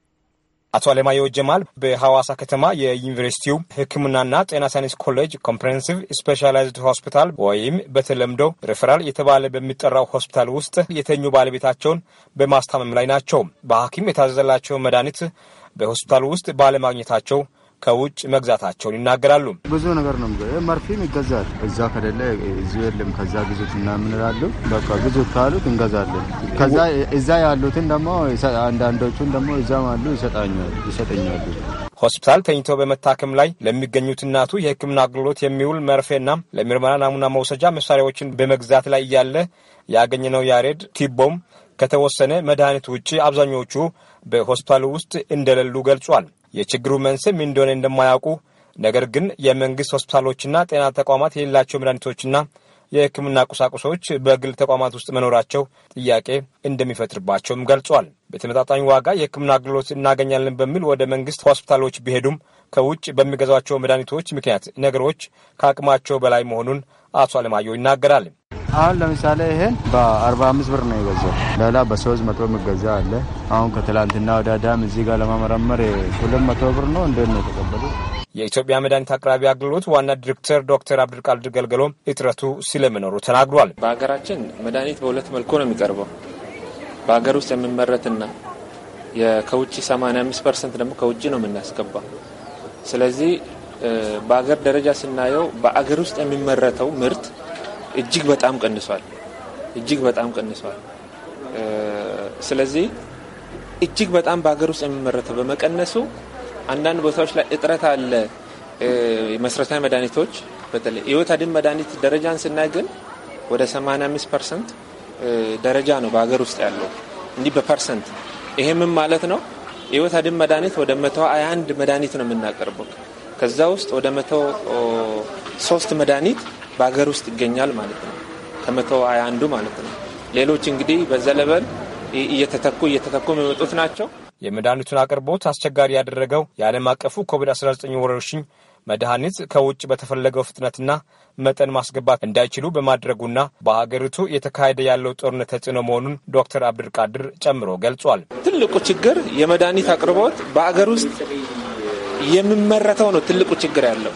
አቶ አለማየሁ ጀማል በሐዋሳ ከተማ የዩኒቨርሲቲው ሕክምናና ጤና ሳይንስ ኮሌጅ ኮምፕሬሄንሲቭ ስፔሻላይዝድ ሆስፒታል ወይም በተለምዶ ሬፈራል የተባለ በሚጠራው ሆስፒታል ውስጥ የተኙ ባለቤታቸውን በማስታመም ላይ ናቸው። በሐኪም የታዘዘላቸው መድኃኒት በሆስፒታል ውስጥ ባለማግኘታቸው ከውጭ መግዛታቸውን ይናገራሉ። ብዙ ነገር ነው፣ መርፌም ይገዛል። እዛ ከሌለ እዚሁ የለም። ከዛ ግዙት ምናምን እላሉ። በቃ ግዙት ካሉት እንገዛለን። ከዛ እዛ ያሉትን ደግሞ አንዳንዶቹን ደግሞ እዛም አሉ ይሰጠኛሉ። ሆስፒታል ተኝተው በመታከም ላይ ለሚገኙት እናቱ የሕክምና አገልግሎት የሚውል መርፌና ለምርመራ ናሙና መውሰጃ መሳሪያዎችን በመግዛት ላይ እያለ ያገኘነው ያሬድ ቲቦም ከተወሰነ መድኃኒት ውጭ አብዛኞቹ በሆስፒታሉ ውስጥ እንደሌሉ ገልጿል። የችግሩ መንስኤ ምን እንደሆነ እንደማያውቁ ነገር ግን የመንግስት ሆስፒታሎችና ጤና ተቋማት የሌላቸው መድኃኒቶችና የሕክምና ቁሳቁሶች በግል ተቋማት ውስጥ መኖራቸው ጥያቄ እንደሚፈጥርባቸውም ገልጿል። በተመጣጣኝ ዋጋ የሕክምና አገልግሎት እናገኛለን በሚል ወደ መንግስት ሆስፒታሎች ቢሄዱም ከውጭ በሚገዛቸው መድኃኒቶች ምክንያት ነገሮች ከአቅማቸው በላይ መሆኑን አቶ አለማየሁ ይናገራል። አሁን ለምሳሌ ይሄን በ አምስት ብር ነው የገዛው። ሌላ በሶስት መቶ የምገዛ አለ። አሁን ከትላንትና ወዳዳም እዚህ ጋር ለማመረመር ሁለት መቶ ብር ነው እንዴት ነው የተቀበሉ። የኢትዮጵያ መድኃኒት አቅራቢ አገልግሎት ዋና ዲሬክተር ዶክተር አብዱልቃድር ገልገሎ እጥረቱ ስለመኖሩ ተናግሯል። በሀገራችን መድኃኒት በሁለት መልኩ ነው የሚቀርበው በሀገር ውስጥ የሚመረትና ከውጭ 85 ፐርሰንት ደግሞ ከውጭ ነው የምናስገባው። ስለዚህ በሀገር ደረጃ ስናየው በአገር ውስጥ የሚመረተው ምርት እጅግ በጣም ቀንሷል። እጅግ በጣም ቀንሷል። ስለዚህ እጅግ በጣም በሀገር ውስጥ የሚመረተው በመቀነሱ አንዳንድ ቦታዎች ላይ እጥረት አለ። መሰረታዊ መድኃኒቶች በተለይ ህይወት አድን መድኃኒት ደረጃን ስናይ ግን ወደ 85 ፐርሰንት ደረጃ ነው በሀገር ውስጥ ያለው እንዲህ በፐርሰንት። ይሄ ምን ማለት ነው? ህይወት አድን መድኃኒት ወደ 121 መድኃኒት ነው የምናቀርበው። ከዛ ውስጥ ወደ 103 መድኃኒት በሀገር ውስጥ ይገኛል ማለት ነው። ከመቶ ሀያ አንዱ ማለት ነው። ሌሎች እንግዲህ በዘለበል እየተተኩ እየተተኩ የሚመጡት ናቸው። የመድኃኒቱን አቅርቦት አስቸጋሪ ያደረገው የዓለም አቀፉ ኮቪድ-19 ወረርሽኝ መድኃኒት ከውጭ በተፈለገው ፍጥነትና መጠን ማስገባት እንዳይችሉ በማድረጉና በሀገሪቱ የተካሄደ ያለው ጦርነት ተጽዕኖ መሆኑን ዶክተር አብድልቃድር ጨምሮ ገልጿል። ትልቁ ችግር የመድኃኒት አቅርቦት በአገር ውስጥ የሚመረተው ነው። ትልቁ ችግር ያለው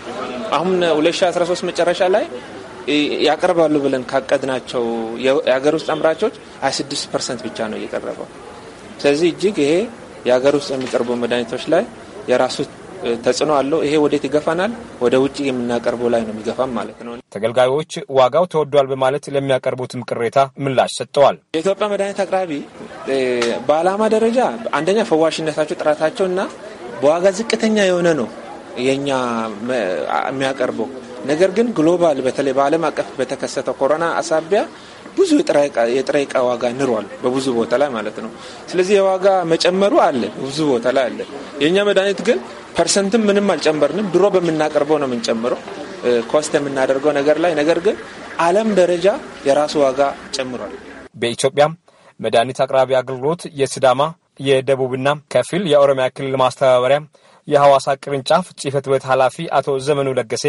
አሁን 2013 መጨረሻ ላይ ያቀርባሉ ብለን ካቀድናቸው የሀገር ውስጥ አምራቾች 26 ፐርሰንት ብቻ ነው እየቀረበው። ስለዚህ እጅግ ይሄ የሀገር ውስጥ የሚቀርቡ መድኃኒቶች ላይ የራሱ ተጽዕኖ አለው። ይሄ ወዴት ይገፋናል? ወደ ውጭ የምናቀርበው ላይ ነው የሚገፋም ማለት ነው። ተገልጋዮች ዋጋው ተወዷል በማለት ለሚያቀርቡትም ቅሬታ ምላሽ ሰጥተዋል። የኢትዮጵያ መድኃኒት አቅራቢ በዓላማ ደረጃ አንደኛ ፈዋሽነታቸው፣ ጥራታቸው እና በዋጋ ዝቅተኛ የሆነ ነው የኛ የሚያቀርበው ነገር ግን ግሎባል በተለይ በዓለም አቀፍ በተከሰተው ኮሮና አሳቢያ ብዙ የጥሬ እቃ ዋጋ ንሯል በብዙ ቦታ ላይ ማለት ነው። ስለዚህ የዋጋ መጨመሩ አለ በብዙ ቦታ ላይ አለ። የእኛ መድኃኒት ግን ፐርሰንትም ምንም አልጨመርንም። ድሮ በምናቀርበው ነው የምንጨምረው ኮስት የምናደርገው ነገር ላይ ነገር ግን ዓለም ደረጃ የራሱ ዋጋ ጨምሯል። በኢትዮጵያም መድኃኒት አቅራቢ አገልግሎት የስዳማ፣ የደቡብና ከፊል የኦሮሚያ ክልል ማስተባበሪያ የሐዋሳ ቅርንጫፍ ጽህፈት ቤት ኃላፊ አቶ ዘመኑ ለገሴ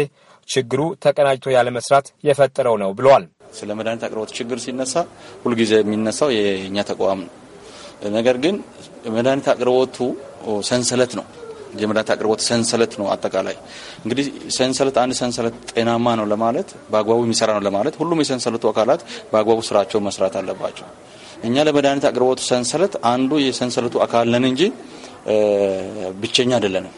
ችግሩ ተቀናጅቶ ያለመስራት የፈጠረው ነው ብለዋል። ስለ መድኃኒት አቅርቦት ችግር ሲነሳ ሁልጊዜ የሚነሳው የእኛ ተቋም ነው። ነገር ግን መድኃኒት አቅርቦቱ ሰንሰለት ነው። የመድኃኒት አቅርቦት ሰንሰለት ነው። አጠቃላይ እንግዲህ ሰንሰለት አንድ ሰንሰለት ጤናማ ነው ለማለት በአግባቡ የሚሰራ ነው ለማለት ሁሉም የሰንሰለቱ አካላት በአግባቡ ስራቸው መስራት አለባቸው። እኛ ለመድኃኒት አቅርቦቱ ሰንሰለት አንዱ የሰንሰለቱ አካል ነን እንጂ ብቸኛ አይደለንም።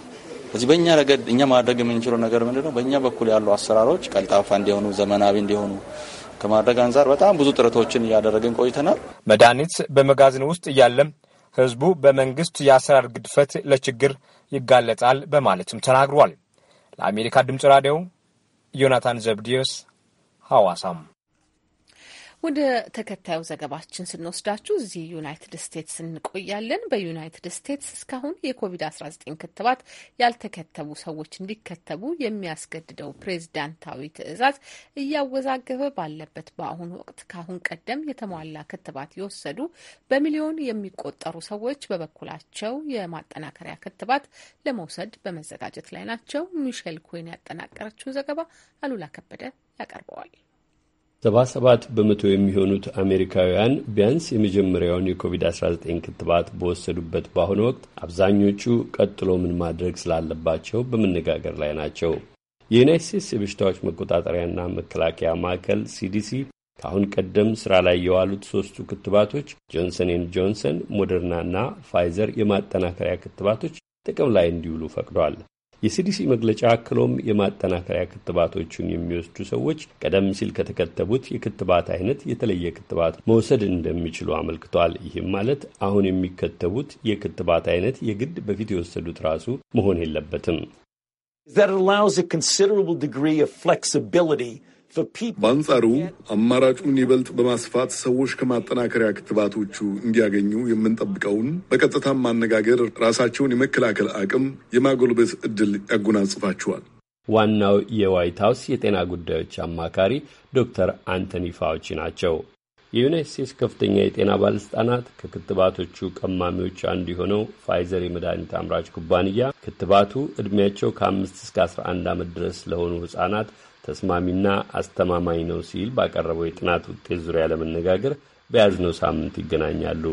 ስለዚህ በእኛ ረገድ እኛ ማድረግ የምንችለው ነገር ምንድነው? በእኛ በኩል ያሉ አሰራሮች ቀልጣፋ እንዲሆኑ፣ ዘመናዊ እንዲሆኑ ከማድረግ አንጻር በጣም ብዙ ጥረቶችን እያደረግን ቆይተናል። መድኃኒት በመጋዘን ውስጥ እያለም ህዝቡ በመንግስት የአሰራር ግድፈት ለችግር ይጋለጣል በማለትም ተናግሯል። ለአሜሪካ ድምፅ ራዲዮ ዮናታን ዘብዲዮስ ሐዋሳም ወደ ተከታዩ ዘገባችን ስንወስዳችሁ እዚህ ዩናይትድ ስቴትስ እንቆያለን። በዩናይትድ ስቴትስ እስካሁን የኮቪድ-19 ክትባት ያልተከተቡ ሰዎች እንዲከተቡ የሚያስገድደው ፕሬዚዳንታዊ ትዕዛዝ እያወዛገበ ባለበት በአሁኑ ወቅት ከአሁን ቀደም የተሟላ ክትባት የወሰዱ በሚሊዮን የሚቆጠሩ ሰዎች በበኩላቸው የማጠናከሪያ ክትባት ለመውሰድ በመዘጋጀት ላይ ናቸው። ሚሼል ኩን ያጠናቀረችው ዘገባ አሉላ ከበደ ያቀርበዋል። 77 በመቶ የሚሆኑት አሜሪካውያን ቢያንስ የመጀመሪያውን የኮቪድ-19 ክትባት በወሰዱበት በአሁኑ ወቅት አብዛኞቹ ቀጥሎ ምን ማድረግ ስላለባቸው በመነጋገር ላይ ናቸው። የዩናይት ስቴትስ የበሽታዎች መቆጣጠሪያና መከላከያ ማዕከል ሲዲሲ ከአሁን ቀደም ስራ ላይ የዋሉት ሶስቱ ክትባቶች ጆንሰን ኤንድ ጆንሰን፣ ሞደርና ፋይዘር የማጠናከሪያ ክትባቶች ጥቅም ላይ እንዲውሉ ፈቅዷል። የሲዲሲ መግለጫ አክሎም የማጠናከሪያ ክትባቶቹን የሚወስዱ ሰዎች ቀደም ሲል ከተከተቡት የክትባት አይነት የተለየ ክትባት መውሰድ እንደሚችሉ አመልክቷል። ይህም ማለት አሁን የሚከተቡት የክትባት አይነት የግድ በፊት የወሰዱት ራሱ መሆን የለበትም። በአንጻሩ አማራጩን ይበልጥ በማስፋት ሰዎች ከማጠናከሪያ ክትባቶቹ እንዲያገኙ የምንጠብቀውን በቀጥታም ማነጋገር ራሳቸውን የመከላከል አቅም የማጎልበት ዕድል ያጎናጽፋቸዋል። ዋናው የዋይት ሀውስ የጤና ጉዳዮች አማካሪ ዶክተር አንቶኒ ፋውቺ ናቸው። የዩናይት ስቴትስ ከፍተኛ የጤና ባለስልጣናት ከክትባቶቹ ቀማሚዎች አንዱ የሆነው ፋይዘር የመድኃኒት አምራች ኩባንያ ክትባቱ ዕድሜያቸው ከአምስት እስከ አስራ አንድ ዓመት ድረስ ለሆኑ ሕፃናት ተስማሚና አስተማማኝ ነው ሲል ባቀረበው የጥናት ውጤት ዙሪያ ለመነጋገር በያዝነው ሳምንት ይገናኛሉ።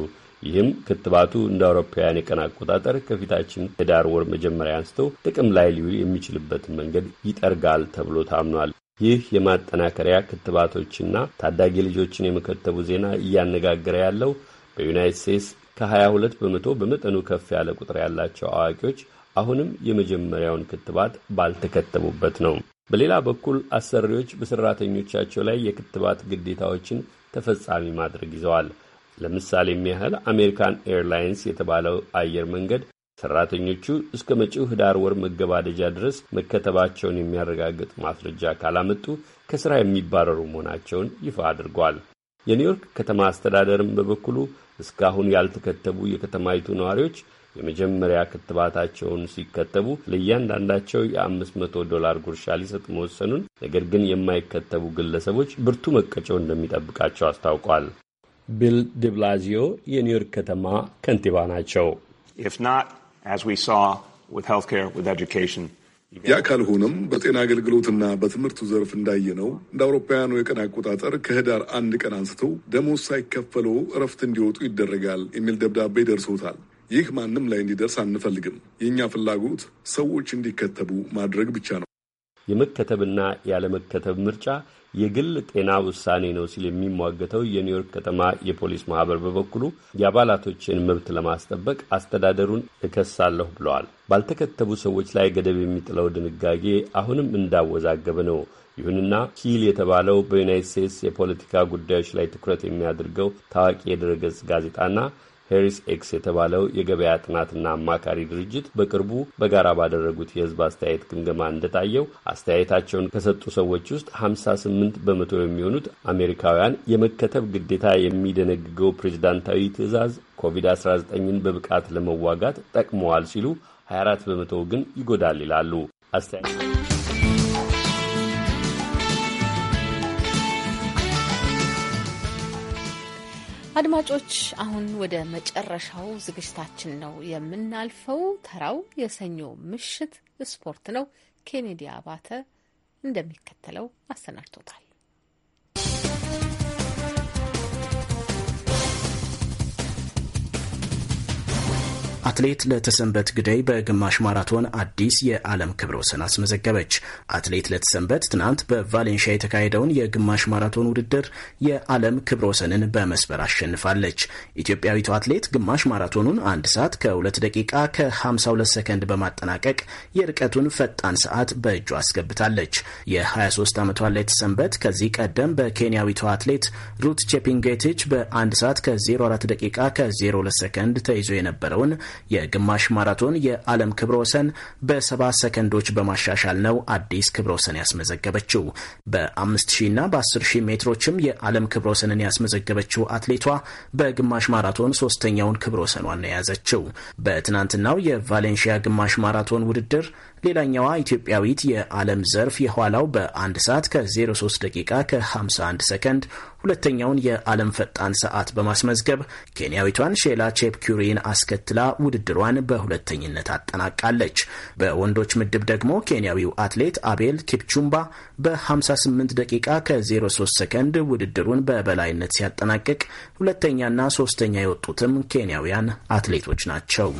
ይህም ክትባቱ እንደ አውሮፓውያን የቀን አቆጣጠር ከፊታችን ህዳር ወር መጀመሪያ አንስቶ ጥቅም ላይ ሊውል የሚችልበትን መንገድ ይጠርጋል ተብሎ ታምኗል። ይህ የማጠናከሪያ ክትባቶችና ታዳጊ ልጆችን የመከተቡ ዜና እያነጋገረ ያለው በዩናይት ስቴትስ ከ22 በመቶ በመጠኑ ከፍ ያለ ቁጥር ያላቸው አዋቂዎች አሁንም የመጀመሪያውን ክትባት ባልተከተቡበት ነው። በሌላ በኩል አሰሪዎች በሰራተኞቻቸው ላይ የክትባት ግዴታዎችን ተፈጻሚ ማድረግ ይዘዋል። ለምሳሌም ያህል አሜሪካን ኤርላይንስ የተባለው አየር መንገድ ሰራተኞቹ እስከ መጪው ህዳር ወር መገባደጃ ድረስ መከተባቸውን የሚያረጋግጥ ማስረጃ ካላመጡ ከስራ የሚባረሩ መሆናቸውን ይፋ አድርጓል። የኒውዮርክ ከተማ አስተዳደርም በበኩሉ እስካሁን ያልተከተቡ የከተማይቱ ነዋሪዎች የመጀመሪያ ክትባታቸውን ሲከተቡ ለእያንዳንዳቸው የ500 ዶላር ጉርሻ ሊሰጥ መወሰኑን፣ ነገር ግን የማይከተቡ ግለሰቦች ብርቱ መቀጮ እንደሚጠብቃቸው አስታውቋል። ቢል ዲብላዚዮ የኒውዮርክ ከተማ ከንቲባ ናቸው። ያ ካልሆነም በጤና አገልግሎትና በትምህርቱ ዘርፍ እንዳየነው እንደ አውሮፓውያኑ የቀን አቆጣጠር ከህዳር አንድ ቀን አንስተው ደሞዝ ሳይከፈለው እረፍት እንዲወጡ ይደረጋል የሚል ደብዳቤ ደርሶታል። ይህ ማንም ላይ እንዲደርስ አንፈልግም። የእኛ ፍላጎት ሰዎች እንዲከተቡ ማድረግ ብቻ ነው። የመከተብና ያለመከተብ ምርጫ የግል ጤና ውሳኔ ነው ሲል የሚሟገተው የኒውዮርክ ከተማ የፖሊስ ማህበር በበኩሉ የአባላቶችን መብት ለማስጠበቅ አስተዳደሩን እከሳለሁ ብለዋል። ባልተከተቡ ሰዎች ላይ ገደብ የሚጥለው ድንጋጌ አሁንም እንዳወዛገበ ነው። ይሁንና ኪል የተባለው በዩናይት ስቴትስ የፖለቲካ ጉዳዮች ላይ ትኩረት የሚያደርገው ታዋቂ የድረገጽ ጋዜጣና ሄሪስ ኤክስ የተባለው የገበያ ጥናትና አማካሪ ድርጅት በቅርቡ በጋራ ባደረጉት የህዝብ አስተያየት ግምገማ እንደታየው አስተያየታቸውን ከሰጡ ሰዎች ውስጥ 58 በመቶ የሚሆኑት አሜሪካውያን የመከተብ ግዴታ የሚደነግገው ፕሬዝዳንታዊ ትዕዛዝ ኮቪድ-19ን በብቃት ለመዋጋት ጠቅመዋል ሲሉ 24 በመቶ ግን ይጎዳል ይላሉ። አስተያየት አድማጮች አሁን ወደ መጨረሻው ዝግጅታችን ነው የምናልፈው። ተራው የሰኞ ምሽት ስፖርት ነው። ኬኔዲ አባተ እንደሚከተለው አሰናድቶታል። አትሌት ለተሰንበት ግዳይ በግማሽ ማራቶን አዲስ የዓለም ክብረ ወሰን አስመዘገበች። አትሌት ለተሰንበት ትናንት በቫሌንሺያ የተካሄደውን የግማሽ ማራቶን ውድድር የዓለም ክብረ ወሰንን በመስበር አሸንፋለች። ኢትዮጵያዊቱ አትሌት ግማሽ ማራቶኑን አንድ ሰዓት ከ2 ደቂቃ ከ52 ሰከንድ በማጠናቀቅ የርቀቱን ፈጣን ሰዓት በእጁ አስገብታለች። የ23 ዓመቷ ለተሰንበት ከዚህ ቀደም በኬንያዊቷ አትሌት ሩት ቼፒንጌቲች በአንድ ሰዓት ከ04 ደቂቃ ከ02 ሰከንድ ተይዞ የነበረውን የግማሽ ማራቶን የዓለም ክብረ ወሰን በሰባ ሰከንዶች በማሻሻል ነው አዲስ ክብረ ወሰን ያስመዘገበችው። በ5000 እና በ10000 ሜትሮችም የዓለም ክብረ ወሰንን ያስመዘገበችው አትሌቷ በግማሽ ማራቶን ሶስተኛውን ክብረ ወሰኗን ነው የያዘችው። በትናንትናው የቫሌንሺያ ግማሽ ማራቶን ውድድር ሌላኛዋ ኢትዮጵያዊት የዓለም ዘርፍ የኋላው በ1 ሰዓት ከ03 ደቂቃ ከ51 ሰከንድ ሁለተኛውን የዓለም ፈጣን ሰዓት በማስመዝገብ ኬንያዊቷን ሼላ ቼፕኩሪን አስከትላ ውድድሯን በሁለተኝነት አጠናቃለች። በወንዶች ምድብ ደግሞ ኬንያዊው አትሌት አቤል ኪፕቹምባ በ58 ደቂቃ ከ03 ሰከንድ ውድድሩን በበላይነት ሲያጠናቅቅ ሁለተኛና ሶስተኛ የወጡትም ኬንያውያን አትሌቶች ናቸው።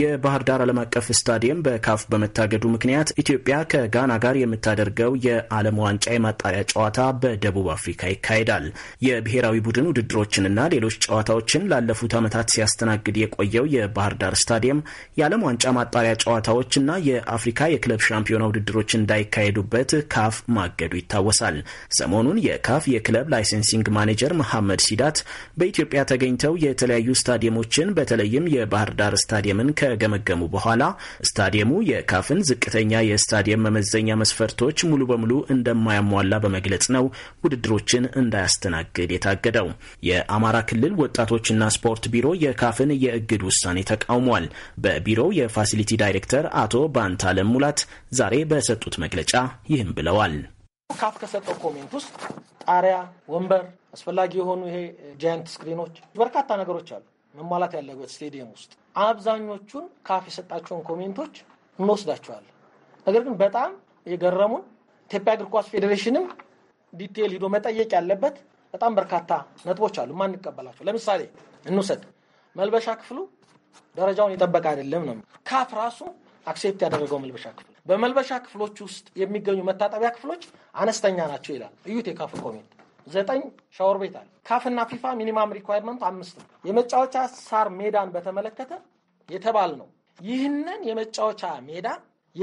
የባህር ዳር ዓለም አቀፍ ስታዲየም በካፍ በመታገዱ ምክንያት ኢትዮጵያ ከጋና ጋር የምታደርገው የዓለም ዋንጫ የማጣሪያ ጨዋታ በደቡብ አፍሪካ ይካሄዳል። የብሔራዊ ቡድን ውድድሮችንና ሌሎች ጨዋታዎችን ላለፉት ዓመታት ሲያስተናግድ የቆየው የባህር ዳር ስታዲየም የዓለም ዋንጫ ማጣሪያ ጨዋታዎችና የአፍሪካ የክለብ ሻምፒዮና ውድድሮች እንዳይካሄዱበት ካፍ ማገዱ ይታወሳል። ሰሞኑን የካፍ የክለብ ላይሰንሲንግ ማኔጀር መሐመድ ሲዳት በኢትዮጵያ ተገኝተው የተለያዩ ስታዲየሞችን በተለይም የባህር ዳር ስታዲየምን ከ ከገመገሙ በኋላ ስታዲየሙ የካፍን ዝቅተኛ የስታዲየም መመዘኛ መስፈርቶች ሙሉ በሙሉ እንደማያሟላ በመግለጽ ነው ውድድሮችን እንዳያስተናግድ የታገደው። የአማራ ክልል ወጣቶችና ስፖርት ቢሮ የካፍን የእግድ ውሳኔ ተቃውሟል። በቢሮው የፋሲሊቲ ዳይሬክተር አቶ ባንታለም ሙላት ዛሬ በሰጡት መግለጫ ይህም ብለዋል። ካፍ ከሰጠው ኮሜንት ውስጥ ጣሪያ፣ ወንበር፣ አስፈላጊ የሆኑ ይሄ ጃያንት ስክሪኖች፣ በርካታ ነገሮች አሉ መሟላት ያለበት ስቴዲየም ውስጥ አብዛኞቹን ካፍ የሰጣቸውን ኮሜንቶች እንወስዳቸዋለን። ነገር ግን በጣም የገረሙን ኢትዮጵያ እግር ኳስ ፌዴሬሽንም ዲቴይል ሂዶ መጠየቅ ያለበት በጣም በርካታ ነጥቦች አሉ ማንቀበላቸው። ለምሳሌ እንውሰድ፣ መልበሻ ክፍሉ ደረጃውን የጠበቀ አይደለም ነው። ካፍ ራሱ አክሴፕት ያደረገው መልበሻ ክፍል በመልበሻ ክፍሎች ውስጥ የሚገኙ መታጠቢያ ክፍሎች አነስተኛ ናቸው ይላል። እዩት የካፍ ኮሜንት ዘጠኝ ሻወር ቤት አለ። ካፍና ፊፋ ሚኒማም ሪኳየርመንቱ አምስት ነው። የመጫወቻ ሳር ሜዳን በተመለከተ የተባል ነው። ይህንን የመጫወቻ ሜዳ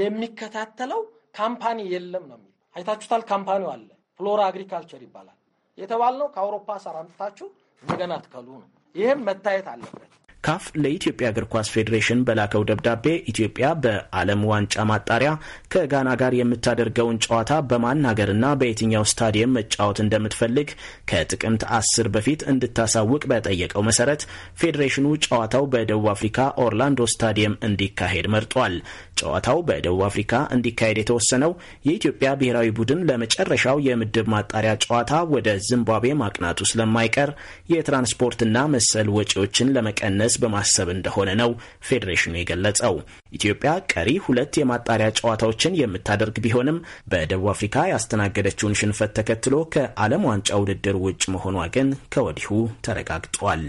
የሚከታተለው ካምፓኒ የለም ነው የሚል አይታችሁታል። ካምፓኒው አለ ፍሎራ አግሪካልቸር ይባላል የተባል ነው። ከአውሮፓ ሳር አምጥታችሁ እንደገና ትከሉ ነው። ይህም መታየት አለበት። ካፍ ለኢትዮጵያ እግር ኳስ ፌዴሬሽን በላከው ደብዳቤ ኢትዮጵያ በዓለም ዋንጫ ማጣሪያ ከጋና ጋር የምታደርገውን ጨዋታ በማናገርና በየትኛው ስታዲየም መጫወት እንደምትፈልግ ከጥቅምት አስር በፊት እንድታሳውቅ በጠየቀው መሰረት ፌዴሬሽኑ ጨዋታው በደቡብ አፍሪካ ኦርላንዶ ስታዲየም እንዲካሄድ መርጧል። ጨዋታው በደቡብ አፍሪካ እንዲካሄድ የተወሰነው የኢትዮጵያ ብሔራዊ ቡድን ለመጨረሻው የምድብ ማጣሪያ ጨዋታ ወደ ዚምባብዌ ማቅናቱ ስለማይቀር የትራንስፖርትና መሰል ወጪዎችን ለመቀነስ በማሰብ እንደሆነ ነው ፌዴሬሽኑ የገለጸው። ኢትዮጵያ ቀሪ ሁለት የማጣሪያ ጨዋታዎችን የምታደርግ ቢሆንም በደቡብ አፍሪካ ያስተናገደችውን ሽንፈት ተከትሎ ከዓለም ዋንጫ ውድድር ውጭ መሆኗ ግን ከወዲሁ ተረጋግጧል።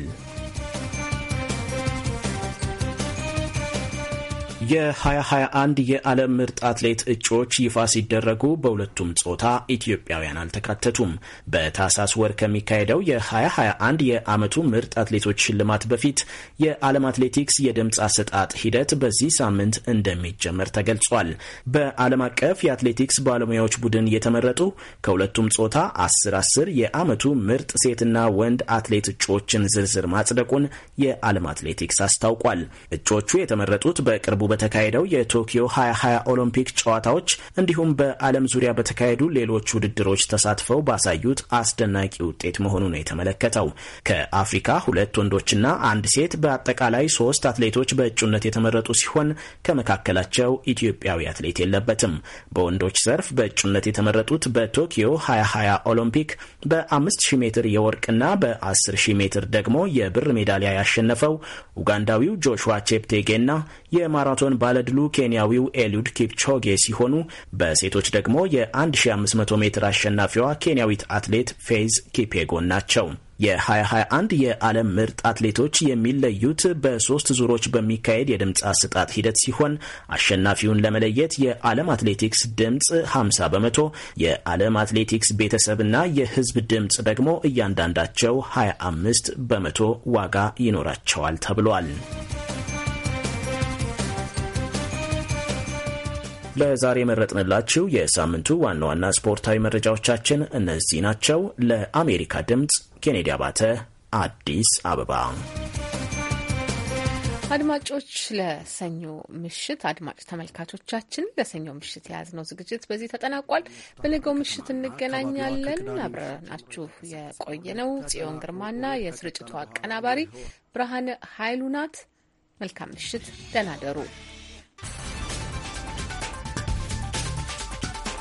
የ2021 የዓለም ምርጥ አትሌት እጩዎች ይፋ ሲደረጉ በሁለቱም ጾታ ኢትዮጵያውያን አልተካተቱም። በታሳስ ወር ከሚካሄደው የ2021 የዓመቱ ምርጥ አትሌቶች ሽልማት በፊት የዓለም አትሌቲክስ የድምፅ አሰጣጥ ሂደት በዚህ ሳምንት እንደሚጀመር ተገልጿል። በዓለም አቀፍ የአትሌቲክስ ባለሙያዎች ቡድን የተመረጡ ከሁለቱም ጾታ 10 10 የዓመቱ ምርጥ ሴትና ወንድ አትሌት እጩዎችን ዝርዝር ማጽደቁን የዓለም አትሌቲክስ አስታውቋል። እጩዎቹ የተመረጡት በቅርቡ በተካሄደው የቶኪዮ 2020 ኦሎምፒክ ጨዋታዎች እንዲሁም በዓለም ዙሪያ በተካሄዱ ሌሎች ውድድሮች ተሳትፈው ባሳዩት አስደናቂ ውጤት መሆኑ ነው የተመለከተው። ከአፍሪካ ሁለት ወንዶችና አንድ ሴት በአጠቃላይ ሶስት አትሌቶች በእጩነት የተመረጡ ሲሆን ከመካከላቸው ኢትዮጵያዊ አትሌት የለበትም። በወንዶች ዘርፍ በእጩነት የተመረጡት በቶኪዮ 2020 ኦሎምፒክ በ5000 ሜትር የወርቅና በ10000 ሜትር ደግሞ የብር ሜዳሊያ ያሸነፈው ኡጋንዳዊው ጆሹዋ ቼፕቴጌና የማራቶን ማራቶን ባለድሉ ኬንያዊው ኤሊድ ኪፕቾጌ ሲሆኑ በሴቶች ደግሞ የ1500 ሜትር አሸናፊዋ ኬንያዊት አትሌት ፌዝ ኪፔጎን ናቸው። የ2021 የዓለም ምርጥ አትሌቶች የሚለዩት በሶስት ዙሮች በሚካሄድ የድምፅ አሰጣጥ ሂደት ሲሆን አሸናፊውን ለመለየት የዓለም አትሌቲክስ ድምፅ 50 በመቶ፣ የዓለም አትሌቲክስ ቤተሰብና የሕዝብ ድምፅ ደግሞ እያንዳንዳቸው 25 በመቶ ዋጋ ይኖራቸዋል ተብሏል። ለዛሬ የመረጥንላችሁ የሳምንቱ ዋና ዋና ስፖርታዊ መረጃዎቻችን እነዚህ ናቸው። ለአሜሪካ ድምፅ ኬኔዲ አባተ፣ አዲስ አበባ። አድማጮች ለሰኞ ምሽት አድማጭ ተመልካቾቻችን ለሰኞ ምሽት የያዝነው ዝግጅት በዚህ ተጠናቋል። በነገው ምሽት እንገናኛለን። አብረናችሁ የቆየነው ጽዮን ግርማና የስርጭቱ አቀናባሪ ብርሃነ ኃይሉ ናት። መልካም ምሽት፣ ደህና ደሩ።